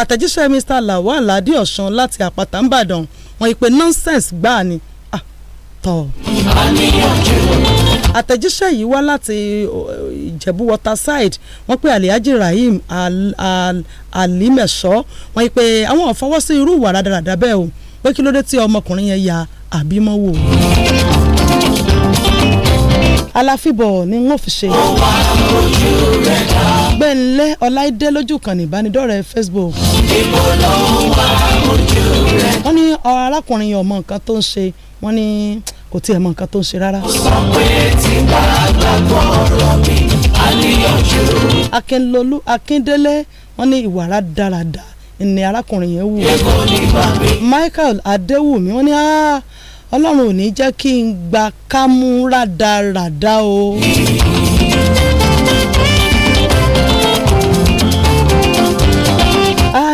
àtẹ̀jíṣẹ́ Mr Lawal Adéọ̀sán láti Àpáta ńbàdàn wọ́n ìpè nonsense gbáà ni tọ̀. àtẹ̀jíṣẹ́ yìí wá láti eh, ìjẹ̀bú waterside wọ́n pé alihaji rahim alimẹ̀ṣọ́ wọ́n pé àwọn ò fọwọ́ sí irú ìwà rádaràda bẹ́ẹ̀ o pé kí ló dé tí ọmọkùnrin yẹn ya àbímọ wò. aláfíbọ̀ ni wọ́n fi ṣe. gbẹ̀ǹlẹ́ ọláìdé lójú kan ìbánidọ́rẹ̀ẹ́ facebook. ìbò ló wà ojú rẹ̀. wọ́n ní arákùnrin ọmọ nǹkan tó ń ṣe wọ́n ní kò tiẹ̀ mọ nǹkan tó ń ṣe rárá. ó sọ pé tí bá gbàgbọ́ ọ̀rọ̀ mi á níyànjú. Akínlolú Akíndélé wọ́n ní ìwà rádaràda ni arákùnrin yẹn wù. Michael Adéwùmí wọ́n ní Ọlọ́run ò ní jẹ́ kí n gba kámú o.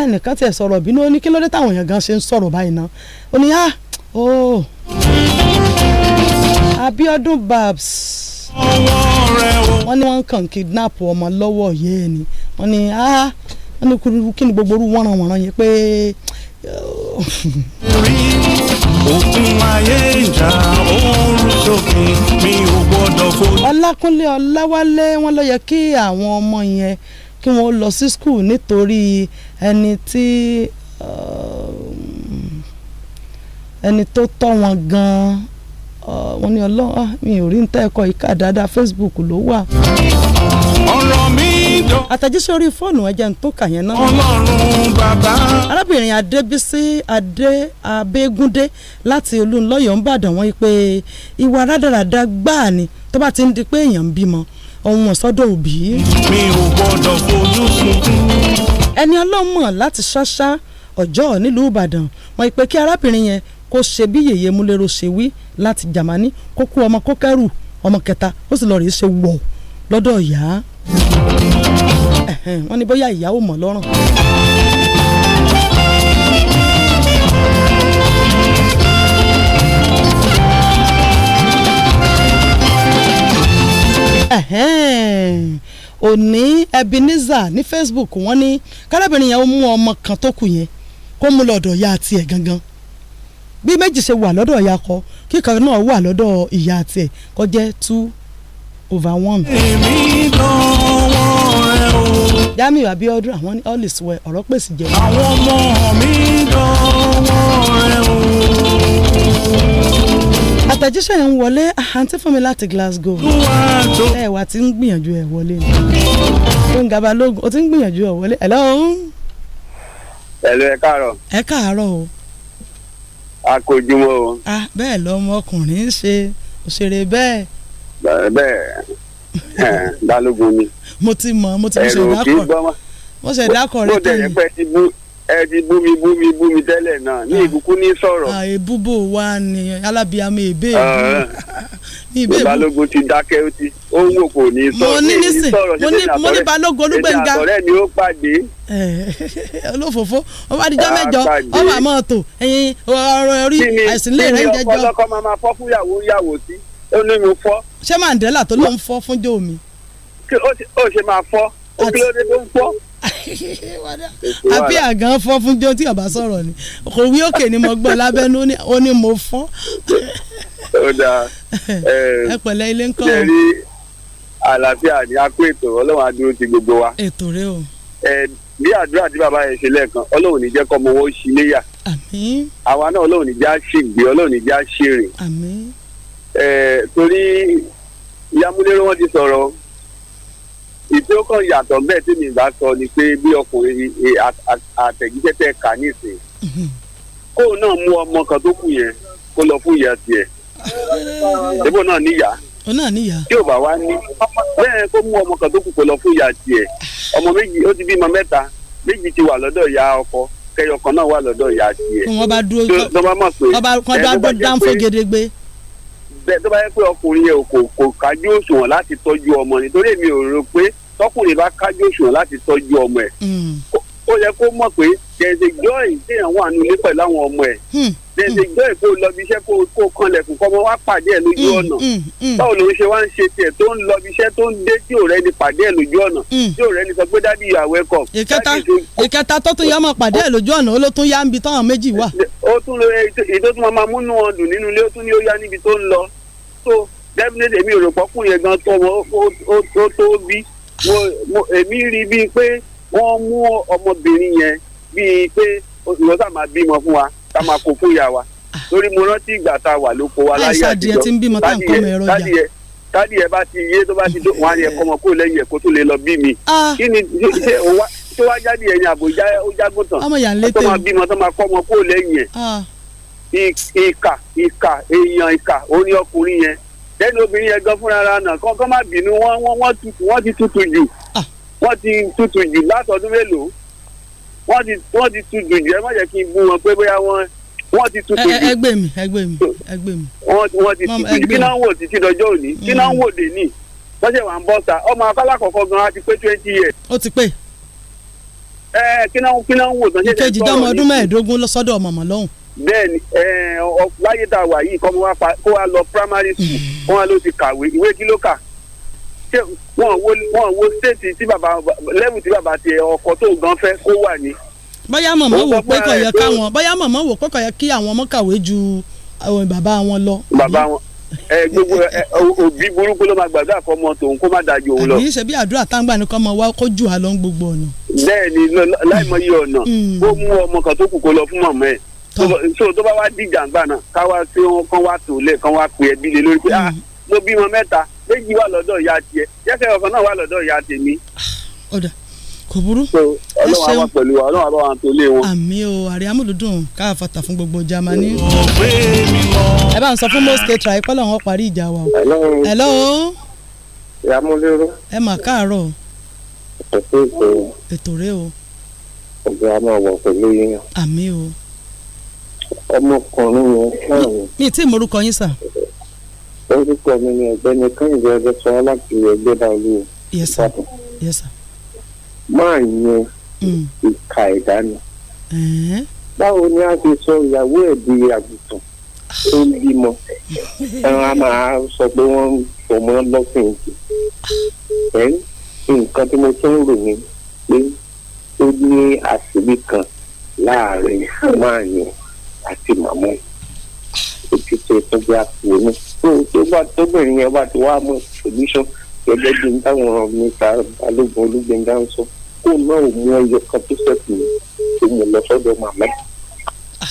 ẹnìkan tiẹ̀ sọ̀rọ̀ bínú ó ní kí ló dé táwọn èèyàn gan ṣe ń sọ̀rọ̀ báyìí náà ó ní ah oh Abíọ́dún Babs wọ́n ní wọ́n kàn kidnap ọmọ lọ́wọ́ yẹn ni wọ́n ní ah wọ́n ní kí ni gbogbo orú wọ́nran wọ̀nran yẹn pé. òkun ayé ìjà oorun sókun mi ò gbọ́dọ̀ fojú. Ọlákúnlé Ọláwálé wọ́n ló yẹ kí àwọn ọmọ yẹn kí wọ́n lọ sí school nítorí ẹni tí. Uh, ẹni tó tọ́ wọn gan-an wọ́n ní ọlọ́run ah, mi ò rí níta ẹ̀kọ́ yìí kà dáadáa Facebook ló wà. ọ̀rọ̀ mi dùn. àtẹ̀jíṣẹ́ orí fóònù ẹ̀jẹ̀ ń tó kà yẹn náà. ọlọ́run bàbá. arábìnrin adébísí adé abégúndé láti olúńlọ́yọ̀ ń bàdàn wọ́n pé ìwà rádaràda gbáà ni tó bá ti ń di pé èèyàn ń bímọ ohun ọ̀sọ́dọ̀ òbí. mi ò gbọ́dọ̀ fojú sunkún. ẹni ọlọ́mọ láti ṣáṣá ọjọ́ nílùú ìbàdàn wọ́n pé kí arábìnrin yẹn kó ṣe bí yèyé múlẹ́rọ ṣe wí láti Jámánì kó kó ọmọ kó ọmọ kẹta ó sì lọ rèé ṣe wọ̀ lọ́dọ̀ ìyá wọ́n ní bóyá ìyá ò mọ̀ lọ́rùn. òní Ebenezer ní Facebook wọ́n ní kárábìnrin yẹn ó mú ọmọ kan tó kù yẹn kó mú lọ́dọ̀ ya tiẹ̀ gangan bí méjì ṣe wà lọ́dọ̀ ìyá kọ kíkan náà wà lọ́dọ̀ ìyá tiẹ̀ kó jẹ́ two over one. èmi lọ́wọ́ ẹ o. Jamiu Abiodun àwọn ní all is well ọ̀rọ̀ pèsè jẹ́. àwọn ọmọ mi lọ́wọ́ ẹ o. àtẹ̀jíṣẹ́ ń wọlé àǹtí fún mi láti Glasgow. ẹ wà tí ń gbìyànjú ẹ wọlé ni. gbẹ̀ngà balógun o ti ń gbìyànjú ẹ wọlé. hello. hello ẹ káàárọ̀. ẹ káàárọ̀ o a kò jùmọ̀ o. ah bẹ́ẹ̀ lọmọkùnrin ń ṣe òṣèré bẹ́ẹ̀. bẹ́ẹ̀ balógun ni. mo ti mọ mo ti ṣe dákọ mo ṣe dákọ rẹ tẹ́lẹ̀. mo tẹ̀lé ẹ ti bú mi bú mi bú mi tẹ́lẹ̀ náà ní ah. ìbùkún ní sọ̀rọ̀. èbúbò ah, wa ni alábíàmọ èbè balógun ti dákẹ́ ó ti ó ń wò kò ní sọ̀rọ̀ ní sọ̀rọ̀ ṣe tẹ̀lé àtọ̀rẹ́ mo ní balógun olúgbẹ̀ngà àtọ̀rẹ́ ni ó pàdé. olófòfó ó bá dijọ́ mẹ́jọ ó bá mọ́ tó ẹyin ọ̀rọ̀ orí àìsàn lè rẹ̀ ń jẹjọ́. kí ni ọkọ máa máa fọ́ fún yàwó yàwó sí ó ní mo fọ́. ṣé Mandela tó ló ń fọ́ fún jòmí. ó ṣe máa fọ́ ó kí ló dé tó ń fọ́ àbí àgàn fọ́ fún jọ tí ọba sọ̀rọ̀ ni kò wí òkè ni mo gbọ́ lábẹ́nu ó ní mo fọ́. ó dáa ẹ pẹ̀lẹ́ ilé ń kọ́ ọ. ṣe àlàáfíà ni a kó ètò ọlọ́run adúró ti gbogbo wa. ètò rẹ o. bí àdúrà tí bàbá yẹn ṣe lẹ́ẹ̀kan ọlọ́run ní jẹ́ kọ́ ọmọ owó ṣí léyà. àmín. àwa náà ọlọ́run ní já ṣègbè ọlọ́run ní já ṣèrè. àmín. torí yámúlérò wọn ti sọ̀rọ̀ ìdí ọkọ kàn yàtọ̀ bẹ́ẹ̀ tí mi bá sọ ni pé bí ọkùnrin eh, àtẹ̀jíṣẹ́ tẹ kà nísìn kó náà mú ọmọ kan tó kù yẹn kó lọ fún ìyá tiẹ̀ débò eh. náà níyà tí ò bá wá ní bẹ́ẹ̀ kó mú ọmọ kan tó kù méjì ó wà lọdọ ìyá ọkọ kẹyọkan náà wà lọdọ ìyá bá dúró bá dúró dáńfó gedegbe. bẹ́ẹ̀ tó bá yẹ pé ọkùnrin yẹn kò kò kájú òṣùwọ̀n láti tọ́jú ọmọ nítorí èmi ò rò pé tọkùnrin bá kájú òṣùwọ̀n láti tọ́jú ọmọ ẹ̀ hmm. ó yẹ kó mọ̀ pé there is a joy téèyàn wà nínú ilé pẹ̀lú àwọn ọmọ ẹ̀ hmm dèjì gbọ́ èkó lọ́bi iṣẹ́ kó kó kanlẹ̀kùn kọ́mọ wá pàdé ẹ̀ lójú mm, ọ̀nà mm, mm. báwo ló ń ṣe wá ń ṣe tiẹ̀ tó ń lọ́bi iṣẹ́ tó ń dé tí òrẹ́ ni pàdé ẹ̀ lójú ọ̀nà tí òrẹ́ ni sọ pé dádì you are ìkẹta ìkẹta tó tún yá máa pàdé ẹ̀ lójú ọ̀nà ó ló tún yá ń bi táwọn méjì wà. ó tún lo ètò tó máa múnú wọn dùn nínú ilé ó tún ní ó yá níbi tó ń lọ so definitely èmi ò rò pọ́kùn yẹn gan tó ó tó bí ká máa kó fún ìyá wa lórí mo rántí ìgbà tá a wà lóko wa láyé àtijọ́ tádìyẹ tádìyẹ bá ti yé tó bá ti tó wọn á yẹ kọmọ kó lẹ́yìn ẹ kó tó lè lọ bí mi ah. kí ni tó wá jáde ẹ̀yìn àbò jágùntàn tó máa bímọ tó máa kọ́ ọmọ kó lẹ́yìn ẹ̀ ah. ìkà ìkà èèyàn ìkà ó ní ọkùnrin yẹn lẹ́nu obìnrin yẹn gan fúnra ara náà kọ́ńkọ́ má bínú wọ́n ti tutù jù ah. wọ́n ti tutù jù látọdún mélòó wọ́n ti tu jù ẹ má jẹ́ kí n bú wọn pé bóyá wọ́n wọ́n ti tutù jù. ẹgbẹ́ mi ẹgbẹ́ mi ẹgbẹ́ mi. wọ́n ti tutù jù kí náà ń wò ti dọjọ́ òní kí náà ń mm. wò dé ní wà ń ọmọ kọ̀ọ̀kan gan-an ti pé twenty years. ó ti pé. ẹ kí náà kí náà ń wò ọdún mẹ́ẹ̀ẹ́dógún lọ́sọ́dọ̀ ọmọ mọ̀ bẹ́ẹ̀ni láyé tá a wà yìí ṣé wọn wo wọn wo stéètì tí bàbá lẹ́wù tí bàbá tiẹ̀ ọkọ̀ tó gan fẹ́ kó wà ní. bóyá mọ̀mọ́ wò pé kò yẹ káwọn bóyá mọ̀mọ́ wò pé kò yẹ kí àwọn ọmọ kàwé ju bàbá wọn lọ. bàbá wọn ẹ gbogbo òbí burúkú ló máa gbàdúrà fún ọmọ tòun kó má da ju òun lọ. àbí ṣe bí àdúrà táǹgbà ni kọ́ mọ wá kó jù á lọ ń gbogbo ọ̀nà. bẹ́ẹ̀ni láì mọ iye ọ̀nà mm. mm. ó mú ọmọ kan tó kù kó lọ fún mọ̀mọ́ ẹ̀ so tó bá wá dìjà ńgbà náà káwá tí wọn kàn wá tòlẹ̀ kàn wá pè ẹbí lé lórí pé ah, mo bímọ mẹ́ta méjì wà lọ́dọ̀ ìyá tiẹ̀ jẹ́kẹ́ ọ̀kan náà wà lọ́dọ̀ ìyá tèmi. ọ̀dà kò burú. ọlọ́run àwọn pẹ̀lú wa ọlọ́run àbáwọn àtòlé wọn. àmì o àrí amúlùdùn káàfàtà fún gbogbo Jámánì. ẹ bá ń sọ fún mosque tra ipá lọ́wọ́ parí ìjà wa o. hello. ìyàmúlérò. ẹ mà káàárọ̀. ètò ètò. ètò rẹ o. ọgbẹ́ a máa wà pẹ̀lú yín. àmì o. ọmọkùnrin yẹn káàrọ̀. mi ì tí ì morúkọ yín sà orúkọ mi ni ọ̀gbẹ́ni kẹ́hìndé ọdẹ́sọ láti ẹgbẹ́dá olúwo. máa yan mm. ìka ẹ̀dá báwo ni a ti sọ ìyàwó ẹ̀ di àgùntàn tó ń bímọ ah. ẹran a máa sọ pé wọ́n ń fọmọ lọ́sìn ẹ̀ nǹkan tí mo tún rò ni pé ó ní àṣírí kan láàrin máa yan àti màmú òtítọ́ ìtọ́jú àpò náà tóbìnrin yẹn wà tó wà mọ solution gẹ́gẹ́ bí n táwọn mẹ́ta balógun olúgbẹngà ń sọ kó náà ò mú ẹyọ kan tó sẹkù tó mú lọ sọ́dọ̀ màmá ah.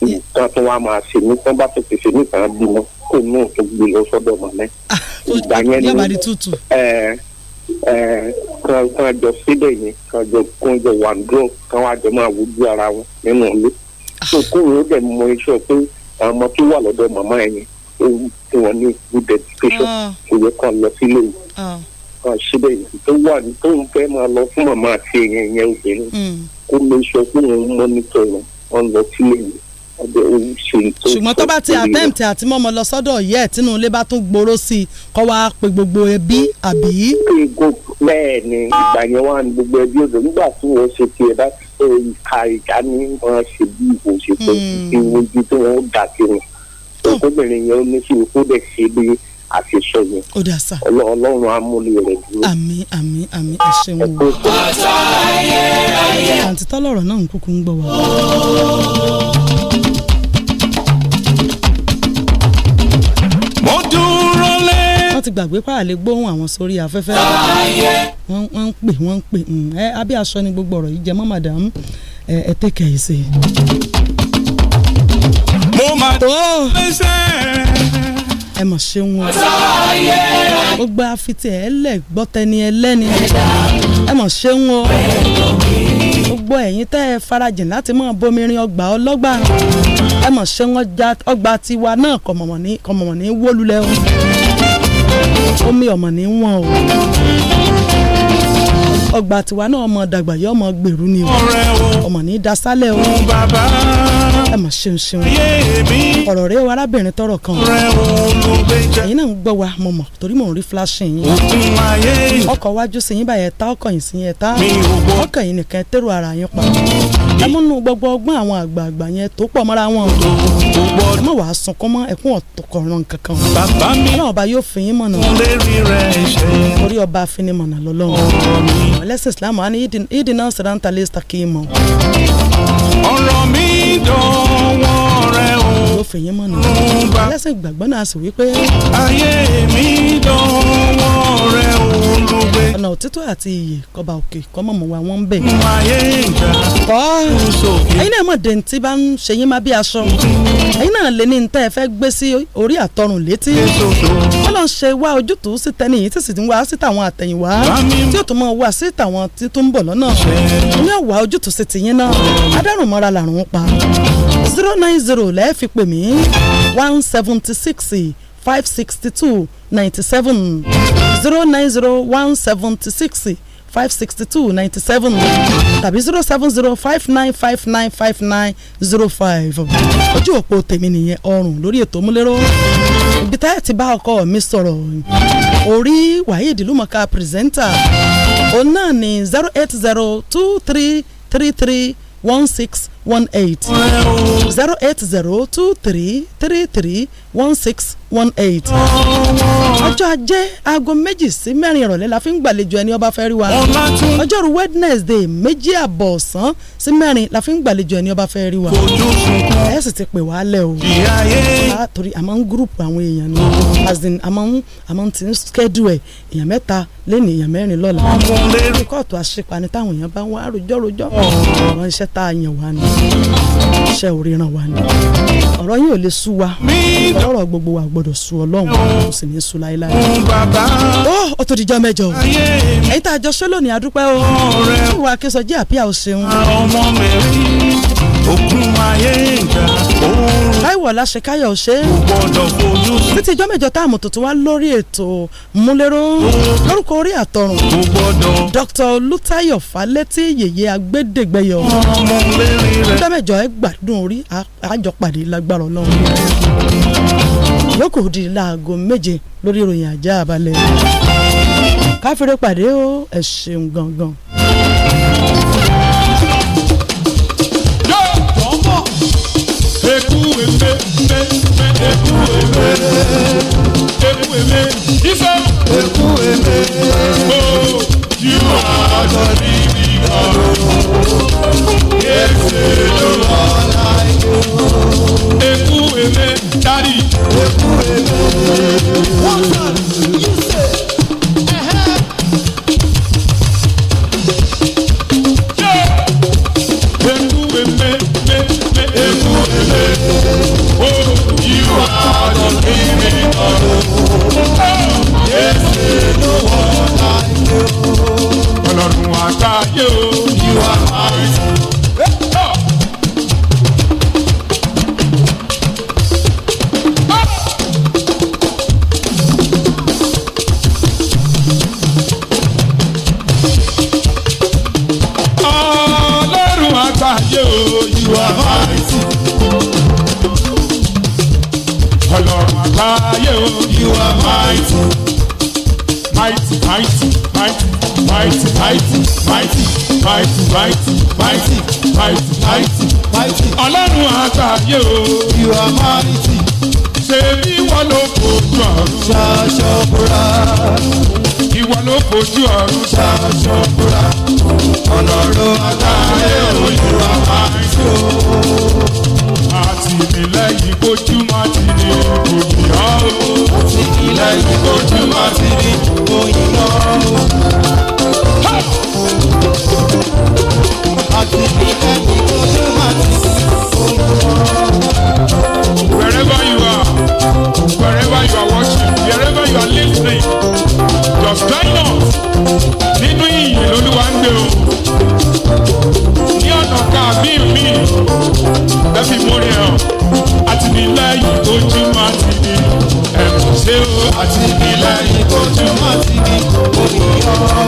nǹkan tó wà máa ṣe ní tán bá tó ti ṣe nìkan bímọ kó náà tó gbé lọ màmá ah, ìgbà yẹn ni kan kan jọ síbẹ̀ yẹn kan jọ kan jọ wà ń dúró kan wà jọ máa wojú ara wọn nínú ilé tó ah. kúrò ó dẹ̀ mọ iṣẹ́ pé ọmọ tó wà lọ́dọ̀ màmá yẹn fún wọn ní good education mm. kò yẹ kó lọ sílé yìí mm. àṣìbẹ̀ tó wà ní tó ń fẹ́ máa lọ fún màmá àti èèyàn yẹn obìnrin mm. kó lè sọ pé òun mọ́nítọ̀ wọn wọn lọ sílé yìí ọbẹ̀ òun ṣe tó. ṣùgbọ́n tó bá ti attempt àti mọ́mọ́ lọ sọ́dọ̀ yẹ́ ẹ̀ tínú ilé bá tún gbòòrò sí i kọ́ wa pe gbogbo ẹbí àbí. ego bẹ́ẹ̀ ìgbà yẹn wà ní gbogbo ẹbí odò nígbà tí wọ́n ṣe tiẹ̀ bá ṣe ìka ìka ṣe bí ìwòsàn tó ti wojú tó wọ́n dà sí ọkọbìnrin yẹn ó ní sùúrù kó dẹ̀ ṣe bí àṣeṣọ yẹn ọlọ́run amúlé rẹ̀ dúró. àmín àmín àmín ẹ ṣeun o. àǹtí tọ́lọ̀rọ̀ náà ń kúkú ń gbọ́ wa. mo dúró lé. wọ́n ti gbàgbé pààlè gbóhùn àwọn sórí afẹ́fẹ́ wọ́n ń pè wọ́n ń pè mm, ẹ abẹ́ aṣọ ni gbogbo ọ̀rọ̀ yìí jẹ́ mọ́ màdàm ẹ mo máa tó fẹsẹ̀. ẹ mọ̀ ṣeun o ó gba afitì ẹ gbọ́tẹni ẹlẹ́ni ẹ mọ̀ ṣeun o gbogbo ẹ̀yin tẹ́ ẹ farajìn láti mọ̀ bomirin ọgbà ọlọ́gbà ẹ mọ̀ ṣe wọ́n já ọgbà tiwa náà kọ̀mọ̀mọ̀ ní wólulẹ̀ o omi ọ̀mọ̀ ní wọ́n o ọgbà tiwa náà ọmọ dàgbà yọ ọmọ gbèrú ni o ọmọ ní dasálẹ̀ o ẹ mọ̀ ṣeun ṣeun ọ̀rọ̀ rẹ o arábìnrin tọrọ kan ẹ̀yin náà ń gbọ́ wa mo mọ̀ torí mò ń rí flashing yín ọkọ̀ wájú sí yín báyẹn ta ọkọ̀ yín sí yẹn ta ọkọ̀ yín nìkan tẹ́rù ara yín pa amúnú gbogbo ọgbọ́n àwọn àgbààgbà yẹn tó pọ̀ mọ́ra wọn ẹ má wàá sunkún mọ́ ẹkún ọ̀tọ̀kọ̀ràn kankan ọlọ́run ọba yóò fi yín mọ̀nà orí ọba afinimọ̀nà lọ́lọ́run ẹlẹ́sìn islam á ní ìdìnnà sẹ̀dáńtà lẹ́sítà kì í mọ̀ ọ̀rọ̀ mi dọ̀wọ́ rẹ o. ló fi yín mọ̀nà. ẹlẹ́sìn ìgbàgbọ́ náà sì wípé. ayé mi dọ̀wọ́ rẹ o ló gbé. ọ̀nà òtítọ́ àti iyì kọba òkè kọ́mọ̀mọ́ wa wọ́n ń bẹ̀. ayé ẹ̀yin náà mọ̀ dèntí bá ń ṣe yín bí aṣọ ẹ̀yin náà lè ní nta ẹ̀ fẹ́ gbé sí orí àtọrùn létí wọ́n lọ ṣe wá ojútùú sí tẹ́ni yìí tí sì ti wá sí tàwọn àtẹ̀yìnwá tí ó tún mọ̀ wá sí tàwọn tí ń bọ̀ lọ́nà ní ọ̀wá ojútùú sí tìyín náà adárùnmọ́ra làrùn pa zero nine zero lẹ́ẹ̀ fi pè mí one seventy six five sixty two ninety seven zero nine zero one seventy six five sixty two ninety seven tàbí zero seven zero five nine five nine five nine zero five ojú òpó tèmi nìyẹn ọrùn lórí ètò múlẹ́rọ́ ibi táyà ti bá ọkọ mi sọ̀rọ̀ orí wáyéèdì lùmọ̀ọ́ká pírẹsẹ́ńtà òun náà ní zero eight zero two three three three one six one eight zero eight zero two three three three one six one eight. ọjọ́ ajé aago méjì sí mẹ́rin ìrọ̀lẹ́ la fi ń gbàlejò ẹni ọba fẹ́ rí wa ọjọ́rú Wednesday méjì àbọ̀ ọ̀sán sí mẹ́rin la fi ń gbàlejò ẹni ọba fẹ́ rí wa ẹ sì ti pè wá lẹ̀ o torí a máa ń gúrùpù àwọn èèyàn ni as in a máa ń ti ń schedule ẹ̀ èèyàn mẹ́ta lẹ́nu èèyàn mẹ́rin lọ́la ní kóòtù àṣepani táwọn èèyàn bá wọn àròjọ́ rojọ́ àwọn iṣẹ́ tá a yàn wá ni iṣẹ́ òríran wá ni ọ̀rọ̀ yìí ò lè sú wa ọ̀rọ̀ gbogbo wa gbọ́dọ̀ sú ọlọ́run kò sì ní sú láéláé. ó ó tó dijọ́ mẹ́jọ o ẹ̀yin tá a jọ ṣé lónìí adúpẹ́ o ìwà akẹ́sọ̀ jẹ́ àpíà ò ṣeun òkun ayé ìjà oorun. Táíwò Ọláṣekáyọ̀ ṣe. gbọ́dọ̀ fojú. títí ìjọ mẹ́jọ tá àmọ̀ tuntun wá lórí ètò múlẹ́rọ́ lórúkọ orí àtọrùn. Dr. Olútáyọ̀ Fálétí yèyé agbẹ́dẹ́gbẹ́yọ̀. ìjọ mẹ́jọ ẹ gbádùn orí àjọpàdé lágbára Ọlọ́run. lókùú di láago méje lórí ìròyìn àjá àbálẹ̀ káfíńrẹ́ pàdé ó ẹ̀ ṣeun gangan. ekwu you ayé kò jọmọ́ sí mi kò ní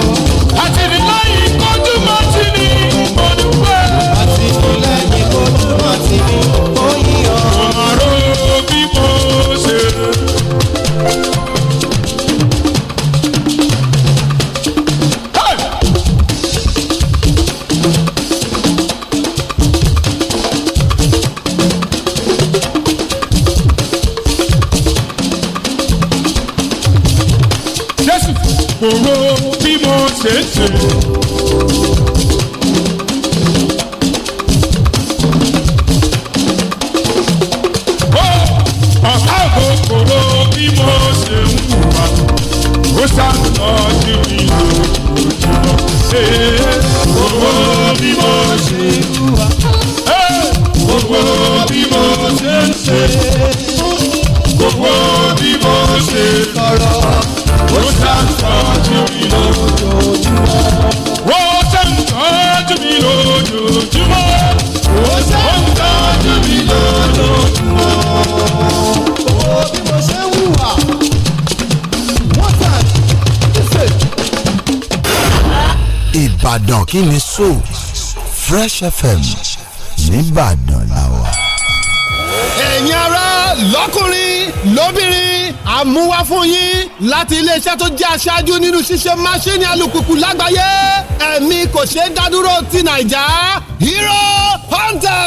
ìkíni so Fresh FM nìbàdàn la wà. ẹ̀yin ará lọ́kùnrin lóbìnrin àmúwá fún yín láti iléeṣẹ́ tó jẹ́ aṣáájú nínú ṣíṣe máṣíìnì alùpùpù lágbàáyé ẹ̀mí kò ṣeé dádúró ti nàìjà Hero Hunter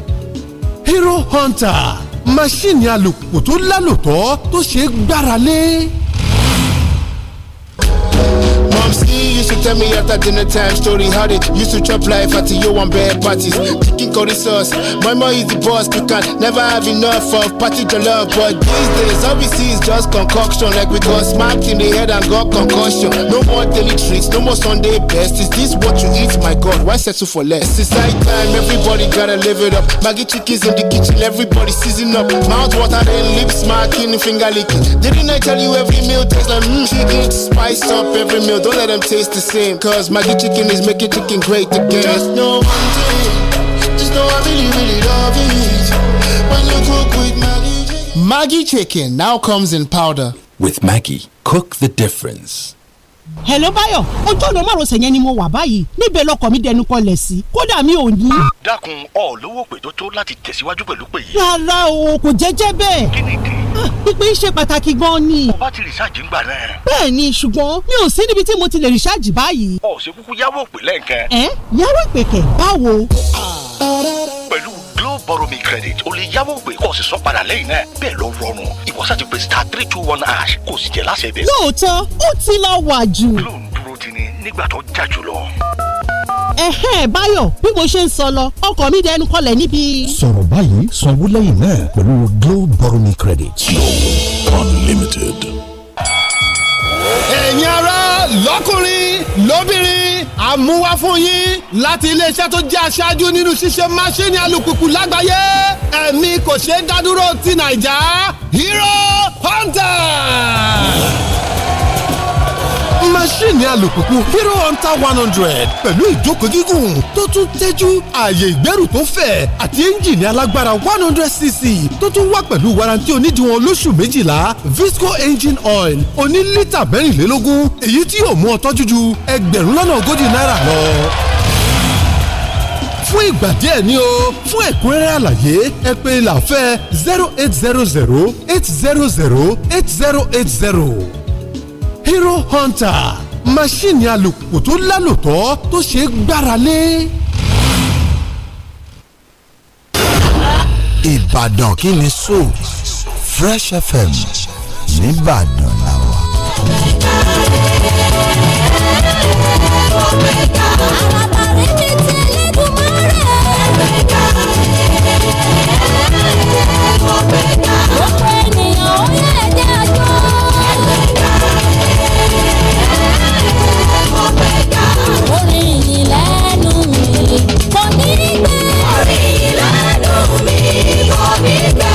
hero hunter máṣíìnì alùpùpù tó lálòtọ́ tó ṣeé gbára lé Ski used to tell me after dinner time story how they used to chop life at you on bad parties. Chicken curry sauce, mom is the boss. You can never have enough of party love, but these days all we see is just concoction. Like we got smacked in the head and got concussion. No more daily treats, no more Sunday best. Is this what you eat? My God, why settle for less? It's night time, everybody gotta live it up. Maggie chickens in the kitchen, everybody season up. Mouth water, then lips smacking, finger licking. Didn't I tell you every meal tastes like mmm? Chicken spice up every meal. Don't let them taste the same. Cause Maggie chicken is making chicken great again. Just know one thing, just know I really, really love it. When you cook with Maggie chicken. Maggie chicken now comes in powder. With Maggie, cook the difference. hello báyọ̀ ojú ọ̀nà márosẹ̀ yẹn ni mo wà báyìí níbẹ̀ lọkọ̀ mi dẹnu kọlẹ̀ sí kódà mi ò ní. dákun ọ lówó pé tó tó láti tẹ̀síwájú pẹ̀lú pé yìí. rárá o kò jẹ́jẹ́ bẹ́ẹ̀. kí ni ìdí. Ah, pípé ṣe pàtàkì gan-an ni. mo bá ti rìsáàjì ń gbà náà. bẹ́ẹ̀ ni ṣùgbọ́n mi ò sí níbi tí mo ti lè rìsáàjì báyìí. ọ̀sẹ̀ kúkú yáwó ìpè lẹ́ǹkan. ẹ yáwó ìpè kẹ̀ báwo. pẹ̀lú no borrow me credit o lè yáwó gbé kó o sì san padà lẹ́yìn náà bẹ́ẹ̀ ló rọrùn ìwọ sá ti pè star three two one ash kó sì jẹ́ láṣẹ bẹ́ẹ̀. lóòótọ́ ó ti lọ wà jù. lóun dúró ti ni nígbà tó jà jù lọ ẹ̀hẹ́n báyọ̀ bí mo ṣe ń sọ lọ ọkọ̀ mi dẹnu kọlẹ̀ níbí. sọ̀rọ̀ báyìí sanwó lẹ́yìn náà pẹ̀lú Glo Borrow Me Credit. Glo àmúwá fún yín láti iléeṣẹ́ tó jẹ́ aṣáájú nínú ṣíṣe máṣíìnì alùpùpù lágbàáyé ẹ̀mí kò ṣeé dádúró ti nàìjà Hero Hunter máṣíìnì alùpùpù hero hunter one hundred pẹ̀lú ìjókòó gígùn tó tún tẹ́jú ààyè ìgbẹ́rù tó fẹ̀ àti ẹ́ńjìnì alágbára one hundred cc tó tún wá pẹ̀lú warranty onídìíwọ̀n olóṣù méjìlá visco engine oil oní lítà mẹ́rìnlélógún èyí tí yóò mú ọ tọ́jú ju ẹgbẹ̀rún lọ́nà ogójì náírà lọ fún ìgbà díẹ̀ ni o fún ẹ̀kúnrẹ́rẹ́ àlàyé ẹ pè làfẹ́ zero eight zero zero eight zero zero eight zero eight zero hero hunter máṣíìnì alùpùpù tó lálòtọ́ tó ṣeé gbára lé. ìbàdàn kí ni so fresh fm nìbàdàn làwà. alábàárẹ̀ mi vida.